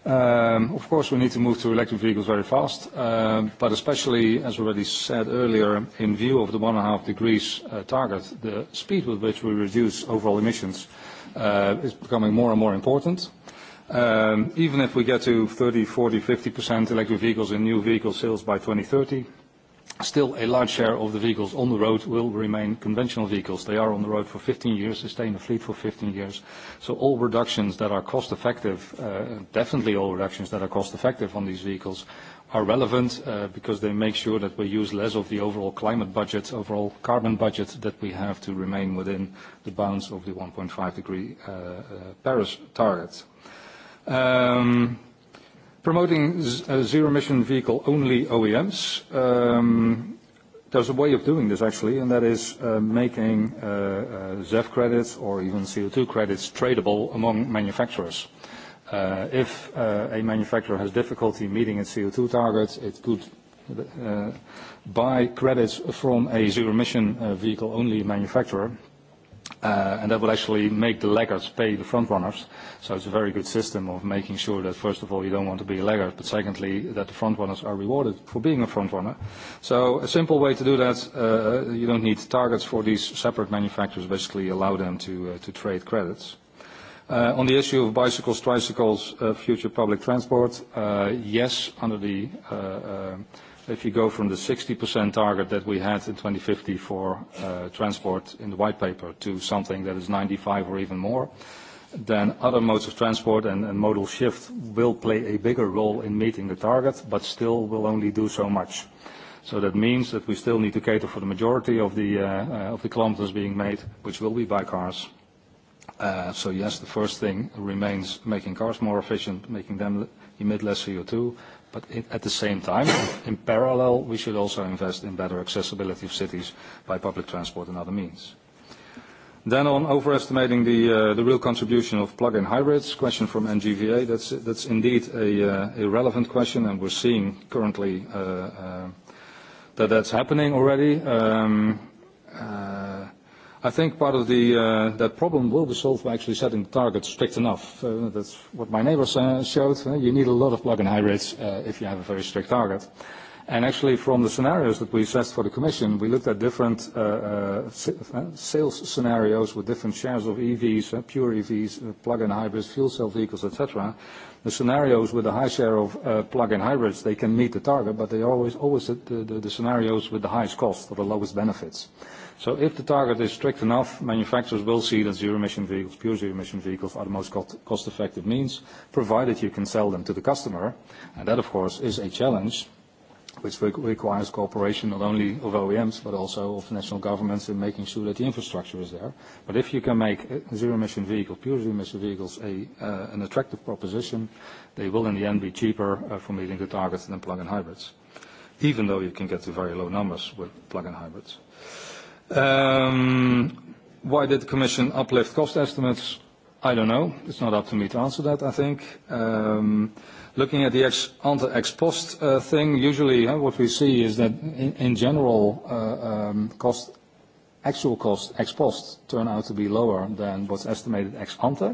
Um, of course, we need to move to electric vehicles very fast, uh, but especially, as already said earlier, in view of the one and a half degrees uh, target, the speed with which we reduce overall emissions uh, is becoming more and more important. Um, even if we get to 30, 40, 50% electric vehicles in new vehicle sales by 2030, still a large share of the vehicles on the road will remain conventional vehicles. They are on the road for 15 years. They stay in the fleet for 15 years. So all reductions that are cost effective, uh, definitely all reductions that are cost effective on these vehicles are relevant because they make sure that we use less of the overall climate budget, overall carbon budget, that we have to remain within the bounds of the 1.5 degree Paris target. Promoting zero-emission vehicle-only OEMs, there's a way of doing this actually, and that is making ZEV credits or even CO2 credits tradable among manufacturers. Uh, if uh, a manufacturer has difficulty meeting its CO2 targets, it could uh, buy credits from a zero-emission uh, vehicle-only manufacturer, uh, and that will actually make the laggards pay the front runners. So it's a very good system of making sure that first of all you don't want to be a laggard, but secondly that the front runners are rewarded for being a front runner. So a simple way to do that, uh, you don't need targets for these separate manufacturers. Basically, allow them to uh, to trade credits. On the issue of bicycles, tricycles, future public transport, yes, under the, if you go from the 60% target that we had in 2050 for transport in the white paper to something that is 95 or even more, then other modes of transport and modal shift will play a bigger role in meeting the target, but still will only do so much. So That means that we still need to cater for the majority of the kilometers being made, which will be by cars So yes, the first thing remains making cars more efficient, making them emit less CO2, but at the same time, in parallel, we should also invest in better accessibility of cities by public transport and other means. Then on overestimating the real contribution of plug-in hybrids, question from NGVA. That's indeed a relevant question, and we're seeing currently that that's happening already I think part of the uh, that problem will be solved by actually setting targets strict enough. Uh, that's what my neighbor uh, showed. Uh, you need a lot of plug-in hybrids uh, if you have a very strict target. And actually, from the scenarios that we assessed for the Commission, we looked at different uh, uh, sales scenarios with different shares of EVs, uh, pure EVs, uh, plug-in hybrids, fuel cell vehicles, etc. The scenarios with a high share of uh, plug-in hybrids, they can meet the target, but they are always, always the, the, the scenarios with the highest cost or the lowest benefits. So if the target is strict enough, manufacturers will see that zero-emission vehicles, pure zero-emission vehicles, are the most cost-effective means, provided you can sell them to the customer. And that, of course, is a challenge which requires cooperation not only of OEMs, but also of national governments in making sure that the infrastructure is there. But if you can make zero-emission vehicles, pure zero-emission vehicles, an attractive proposition, they will, in the end, be cheaper for meeting the targets than plug-in hybrids, even though you can get to very low numbers with plug-in hybrids. Why did the commission uplift cost estimates? I don't know. It's not up to me to answer that, I think. Looking at the ex-ante, ex-post thing, usually what we see is that in general, cost actual costs ex post turn out to be lower than what's estimated ex ante.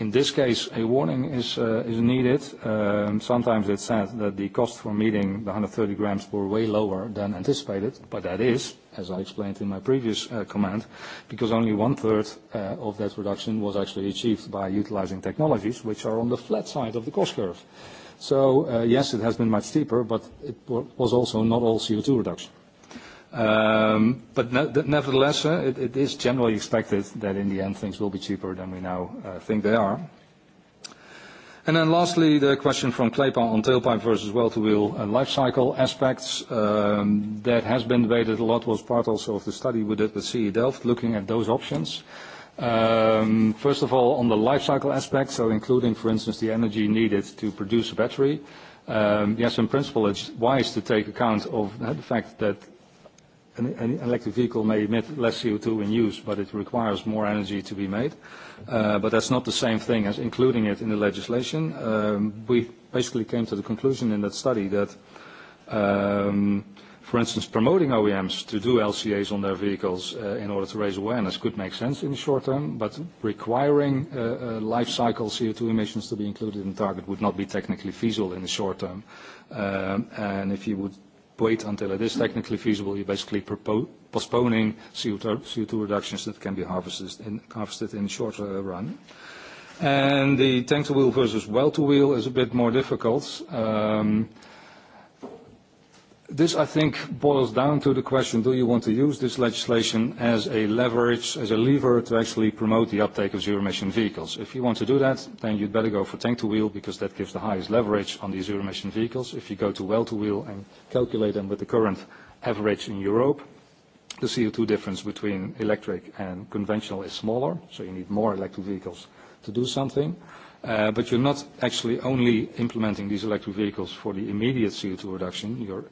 In this case, a warning is uh is needed. Um Sometimes it's said that the cost for meeting the 130 grams were way lower than anticipated, but that is, as I explained in my previous uh comment, because only one-third uh of that reduction was actually achieved by utilizing technologies which are on the flat side of the cost curve. So uh Yes, it has been much steeper, but it was also not all CO2 reduction. But nevertheless, it is generally expected that in the end, things will be cheaper than we now think they are. And then lastly, the question from Kleipa on tailpipe versus well-to-wheel life cycle aspects. That has been debated a lot, was part also of the study we did with CE Delft, looking at those options. First of all, on the life cycle aspect, so including, for instance, the energy needed to produce a battery. Yes, in principle, it's wise to take account of the fact that an, an electric vehicle may emit less CO2 in use, but it requires more energy to be made. but that's not the same thing as including it in the legislation. we basically came to the conclusion in that study that, for instance, promoting OEMs to do LCAs on their vehicles in order to raise awareness could make sense in the short term, but requiring life cycle CO2 emissions to be included in the target would not be technically feasible in the short term. and if you would wait until it is technically feasible. You're basically postponing CO2 reductions that can be harvested in the short run. And the tank-to-wheel versus well-to-wheel is a bit more difficult. Um This, I think, boils down to the question, do you want to use this legislation as a leverage, as a lever to actually promote the uptake of zero-emission vehicles? If you want to do that, then you'd better go for tank-to-wheel because that gives the highest leverage on these zero-emission vehicles. If you go to well-to-wheel and calculate them with the current average in Europe, the CO2 difference between electric and conventional is smaller, so you need more electric vehicles to do something but you're not actually only implementing these electric vehicles for the immediate CO2 reduction. You're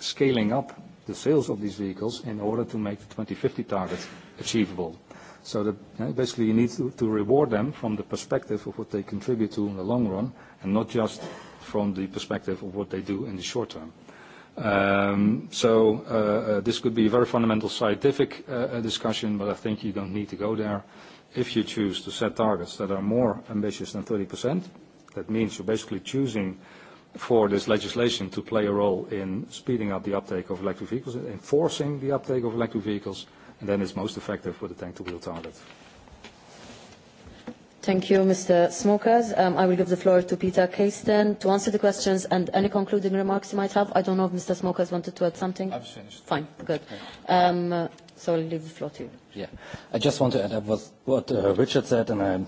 scaling up the sales of these vehicles in order to make the 2050 target achievable. So that basically you need to to reward them from the perspective of what they contribute to in the long run, and not just from the perspective of what they do in the short term. So this could be a very fundamental scientific discussion, but I think you don't need to go there. If you choose to set targets that are more ambitious than 30%, that means you're basically choosing for this legislation to play a role in speeding up the uptake of electric vehicles, enforcing the uptake of electric vehicles, and then it's most effective with the tank-to-wheel target. Thank you, Mr. Smokers. Um, I will give the floor to Peter Casten to answer the questions and any concluding remarks you might have. I don't know if Mr. Smokers wanted to add something. I've finished. Fine, good. Um, uh, so I'll leave the floor to you. Yeah, I just want to add up what, what uh, Richard said, and I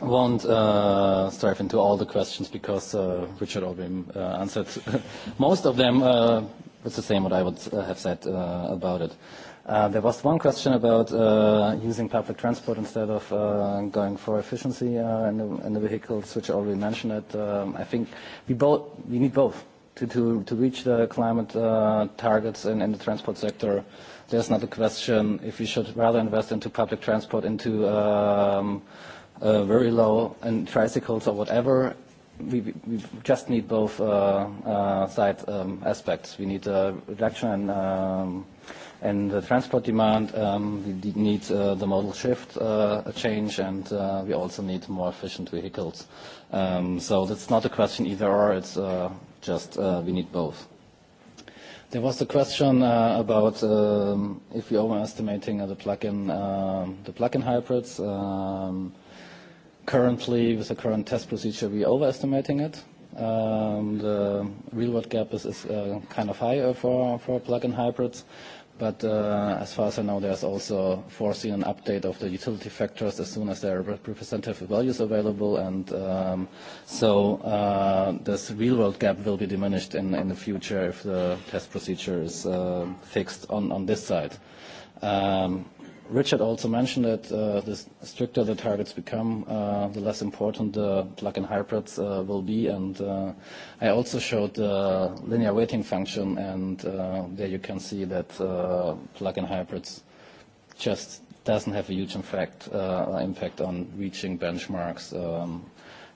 won't uh, strive into all the questions because uh, Richard already uh, answered most of them. Uh, it's the same what I would uh, have said uh, about it. Uh, there was one question about uh, using public transport instead of uh, going for efficiency uh, in, the, in the vehicles, which I already mentioned. It. Um, I think we both we need both to to, to reach the climate uh, targets in, in the transport sector. There's not a question if we should rather invest into public transport into um, uh, very low and tricycles or whatever. We, we just need both uh, uh, side um, aspects. We need a reduction in, um, in the transport demand. Um, we need uh, the modal shift uh, change, and uh, we also need more efficient vehicles. Um, so that's not a question either or. It's uh, just uh, we need both. There was a question uh, about um, if we're overestimating uh, the plug-in uh, the plug-in hybrids. Um, Currently, with the current test procedure, we're overestimating it. Um, the real-world gap is, is uh, kind of high for, for plug-in hybrids. But uh, as far as I know, there's also foreseen an update of the utility factors as soon as there are representative values available. And um, so uh, this real-world gap will be diminished in, in the future if the test procedure is uh, fixed on, on this side. Um, Richard also mentioned that uh, the stricter the targets become, uh, the less important the plug-in hybrids uh, will be. And uh, I also showed the linear weighting function, and uh, there you can see that uh, plug-in hybrids just doesn't have a huge impact, uh, impact on reaching benchmarks um,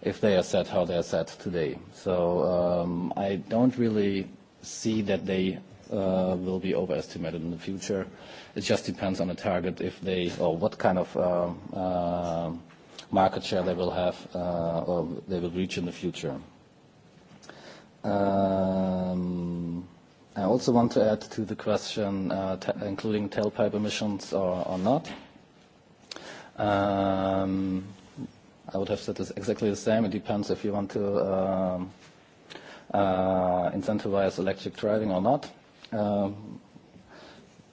if they are set how they are set today. So um, I don't really see that they uh, will be overestimated in the future. It just depends on the target if they or what kind of market share they will have uh, or they will reach in the future. Um, I also want to add to the question uh, including tailpipe emissions or, or not. Um, I would have said this exactly the same. It depends if you want to uh, incentivize electric driving or not. Um,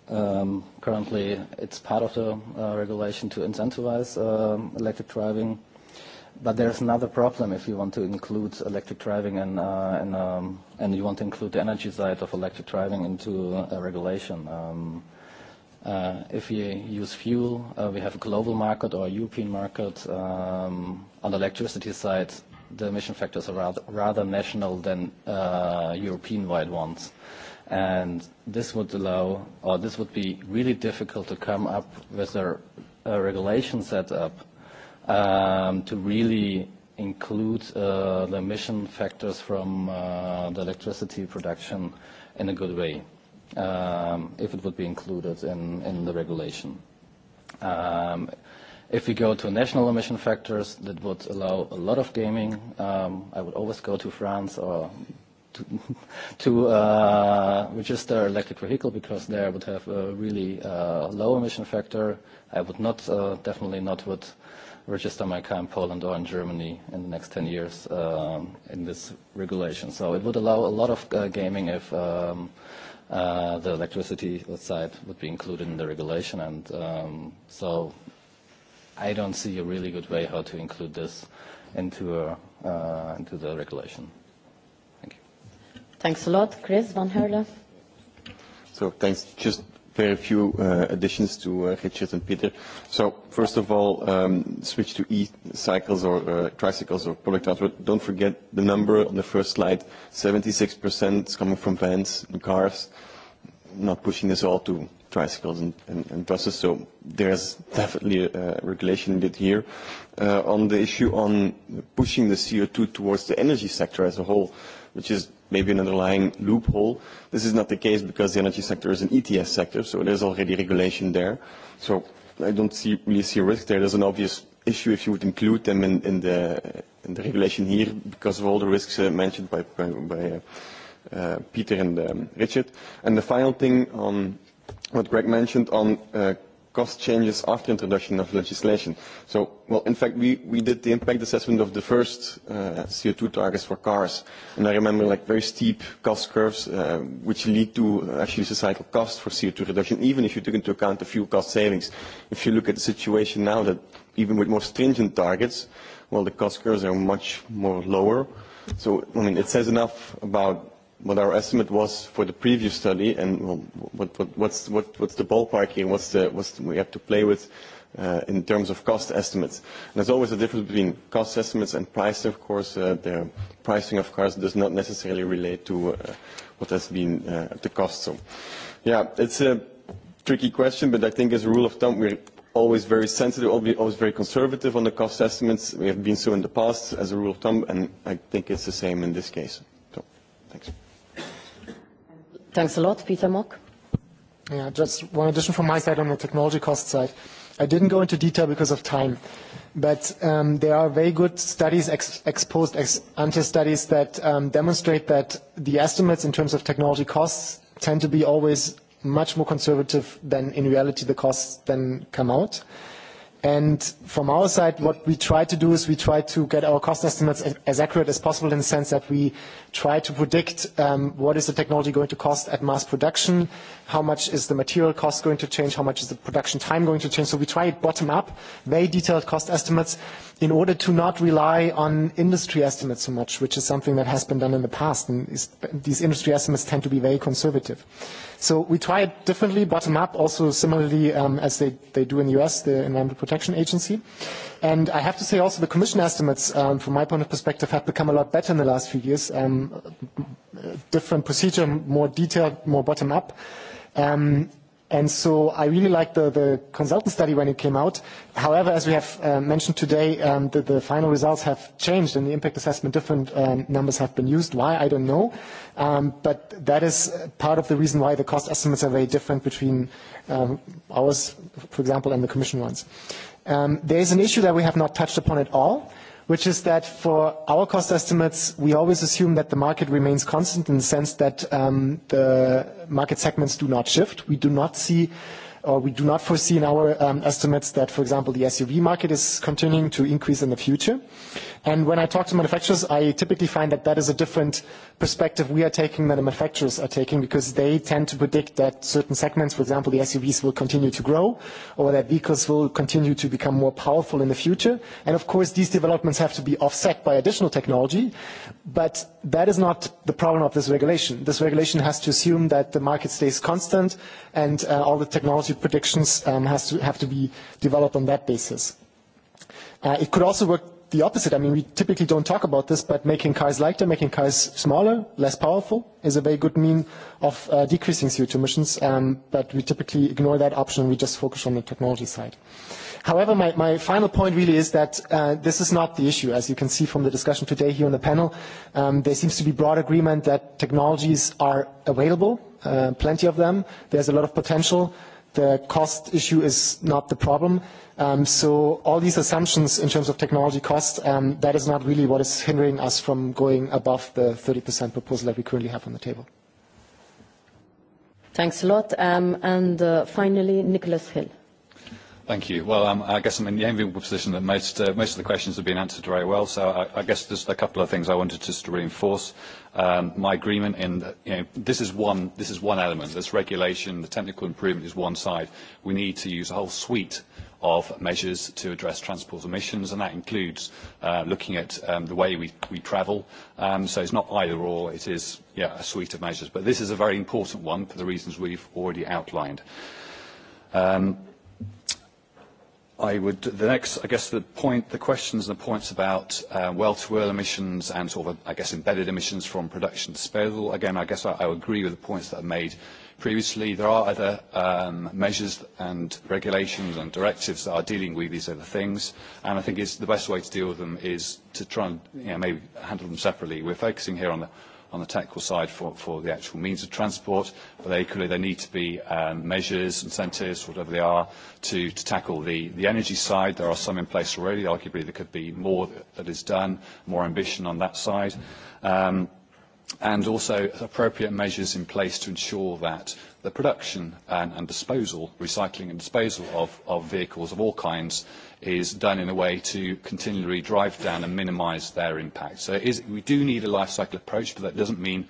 um, currently, it's part of the uh, regulation to incentivize uh, electric driving. But there's another problem if you want to include electric driving and, uh, and, um, and you want to include the energy side of electric driving into a regulation. Um, uh, if you use fuel, uh, we have a global market or a European market. Um, on the electricity side, the emission factors are rather, rather national than uh, European-wide ones and this would allow, or this would be really difficult to come up with a, a regulation set up um, to really include uh, the emission factors from uh, the electricity production in a good way, um, if it would be included in, in the regulation. Um, if we go to national emission factors, that would allow a lot of gaming. Um, I would always go to France or to, to uh, register electric vehicle because there would have a really uh, low emission factor. I would not, uh, definitely not would register my car in Poland or in Germany in the next 10 years um, in this regulation. So it would allow a lot of uh, gaming if um, uh, the electricity side would be included in the regulation. And um, so I don't see a really good way how to include this into, a, uh, into the regulation. Thanks a lot. Chris van Herle. So thanks. Just very few uh, additions to uh, Richard and Peter. So first of all, um, switch to e-cycles or uh, tricycles or public transport. Don't forget the number on the first slide, 76% is coming from vans and cars, not pushing this all to tricycles and, and, and buses. So there's definitely a, a regulation in it here. Uh, on the issue on pushing the CO2 towards the energy sector as a whole, uh, which is maybe an underlying loophole. This is not the case because the energy sector is an ETS sector, so there's already regulation there. So I don't see, really see a risk there. There's an obvious issue if you would include them in, in, the, in the regulation here because of all the risks uh, mentioned by, by, by uh, uh, Peter and um, Richard. And the final thing on what Greg mentioned on uh, cost changes after introduction of legislation. So, well, in fact, we, we did the impact assessment of the first uh, CO2 targets for cars, and I remember like very steep cost curves, uh, which lead to actually societal cost for CO2 reduction, even if you took into account the fuel cost savings. If you look at the situation now, that even with more stringent targets, well, the cost curves are much more lower. So, I mean, it says enough about what our estimate was for the previous study and what, what, what's, what, what's the ballpark here, what's the, what's the, we have to play with uh, in terms of cost estimates. And there's always a difference between cost estimates and price, of course. Uh, the pricing of cars does not necessarily relate to uh, what has been uh, the cost. So, yeah, it's a tricky question, but I think as a rule of thumb, we're always very sensitive, always very conservative on the cost estimates. We have been so in the past as a rule of thumb, and I think it's the same in this case. So, thanks. Thanks a lot. Peter Mock? Yeah, just one addition from my side on the technology cost side. I didn't go into detail because of time, but there are very good studies, ex post, ex ante studies that demonstrate that the estimates in terms of technology costs tend to be always much more conservative than in reality the costs then come out. And from our side, what we try to do is we try to get our cost estimates as accurate as possible in the sense that we try to predict what is the technology going to cost at mass production, how much is the material cost going to change, how much is the production time going to change. So we try it bottom up, very detailed cost estimates in order to not rely on industry estimates so much, which is something that has been done in the past. And these industry estimates tend to be very conservative. So we try it differently, bottom up, also similarly as they, they do in the US, the Environmental Protection Agency. And I have to say also the commission estimates, um, from my point of perspective, have become a lot better in the last few years. Um, different procedure, more detailed, more bottom up. Um, and so I really like the, the consultant study when it came out. However, as we have uh, mentioned today, um, the, the final results have changed and the impact assessment, different um, numbers have been used. Why, I don't know. Um, but that is part of the reason why the cost estimates are very different between um, ours, for example, and the Commission ones. Um, there is an issue that we have not touched upon at all, which is that for our cost estimates, we always assume that the market remains constant in the sense that um, the market segments do not shift. We do not see or we do not foresee in our um, estimates that, for example, the SUV market is continuing to increase in the future. And when I talk to manufacturers, I typically find that that is a different perspective we are taking than the manufacturers are taking because they tend to predict that certain segments, for example, the SUVs will continue to grow or that vehicles will continue to become more powerful in the future. And of course, these developments have to be offset by additional technology. But that is not the problem of this regulation. This regulation has to assume that the market stays constant and uh, all the technology predictions um, has to, have to be developed on that basis. Uh, it could also work the opposite. I mean, we typically don't talk about this, but making cars lighter, making cars smaller, less powerful, is a very good mean of uh, decreasing CO2 emissions. Um, but we typically ignore that option. We just focus on the technology side. However, my, my final point really is that uh, this is not the issue. As you can see from the discussion today here on the panel, um, there seems to be broad agreement that technologies are available, uh, plenty of them. There's a lot of potential the cost issue is not the problem. So all these assumptions in terms of technology cost, that is not really what is hindering us from going above the 30% proposal that we currently have on the table. Thanks a lot. And finally, Nicholas Hill. Thank you. Well, um, I guess I'm in the enviable position that most, uh, most of the questions have been answered very well. So I, I guess there's a couple of things I wanted just to reinforce. Um, my agreement in that, you know, this is one, this is one element. This regulation, the technical improvement is one side. We need to use a whole suite of measures to address transport emissions, and that includes uh, looking at um, the way we, we travel. Um, so it's not either or, it is yeah, a suite of measures. But this is a very important one for the reasons we've already outlined. Um, I would, the next, I guess the point, the questions and the points about uh, well-to-well emissions and sort of, I guess, embedded emissions from production disposal. Again, I guess I, I agree with the points that are made previously. There are other um, measures and regulations and directives that are dealing with these other things, and I think it's the best way to deal with them is to try and you know, maybe handle them separately. We're focusing here on the on the technical side for, for the actual means of transport, but equally there need to be um, measures, incentives, whatever they are, to, to tackle the, the energy side. There are some in place already. Arguably there could be more that is done, more ambition on that side. Um, and also appropriate measures in place to ensure that the production and, and disposal, recycling and disposal of, of vehicles of all kinds is done in a way to continually drive down and minimise their impact. So it is, we do need a life cycle approach, but that doesn't mean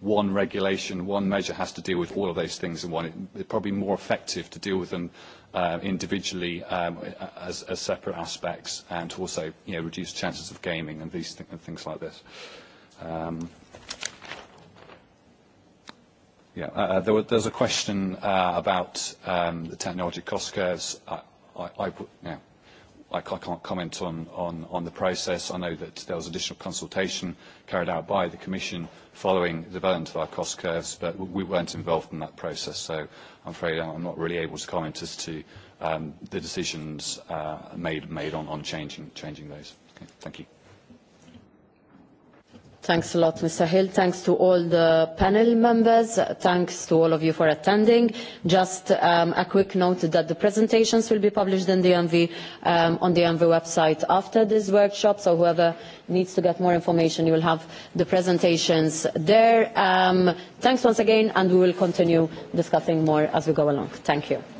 one regulation, one measure has to deal with all of those things in one. It's probably more effective to deal with them uh, individually um, as, as separate aspects and to also you know, reduce chances of gaming and these th- and things like this. Um, yeah, uh, there was, there's a question uh, about um, the technology cost curves. I, I, I, yeah, I can't comment on the process. I know that there was additional consultation carried out by the Commission following the development of our cost curves, but we weren't involved in that process, so I'm afraid I'm not really able to comment as to the decisions made on changing those. Okay. Thank you. Thanks a lot, Mr. Hill. Thanks to all the panel members. Thanks to all of you for attending. Just um, a quick note that the presentations will be published in the MV, um, on the MV website after this workshop. So whoever needs to get more information, you will have the presentations there. Um, thanks once again, and we will continue discussing more as we go along. Thank you.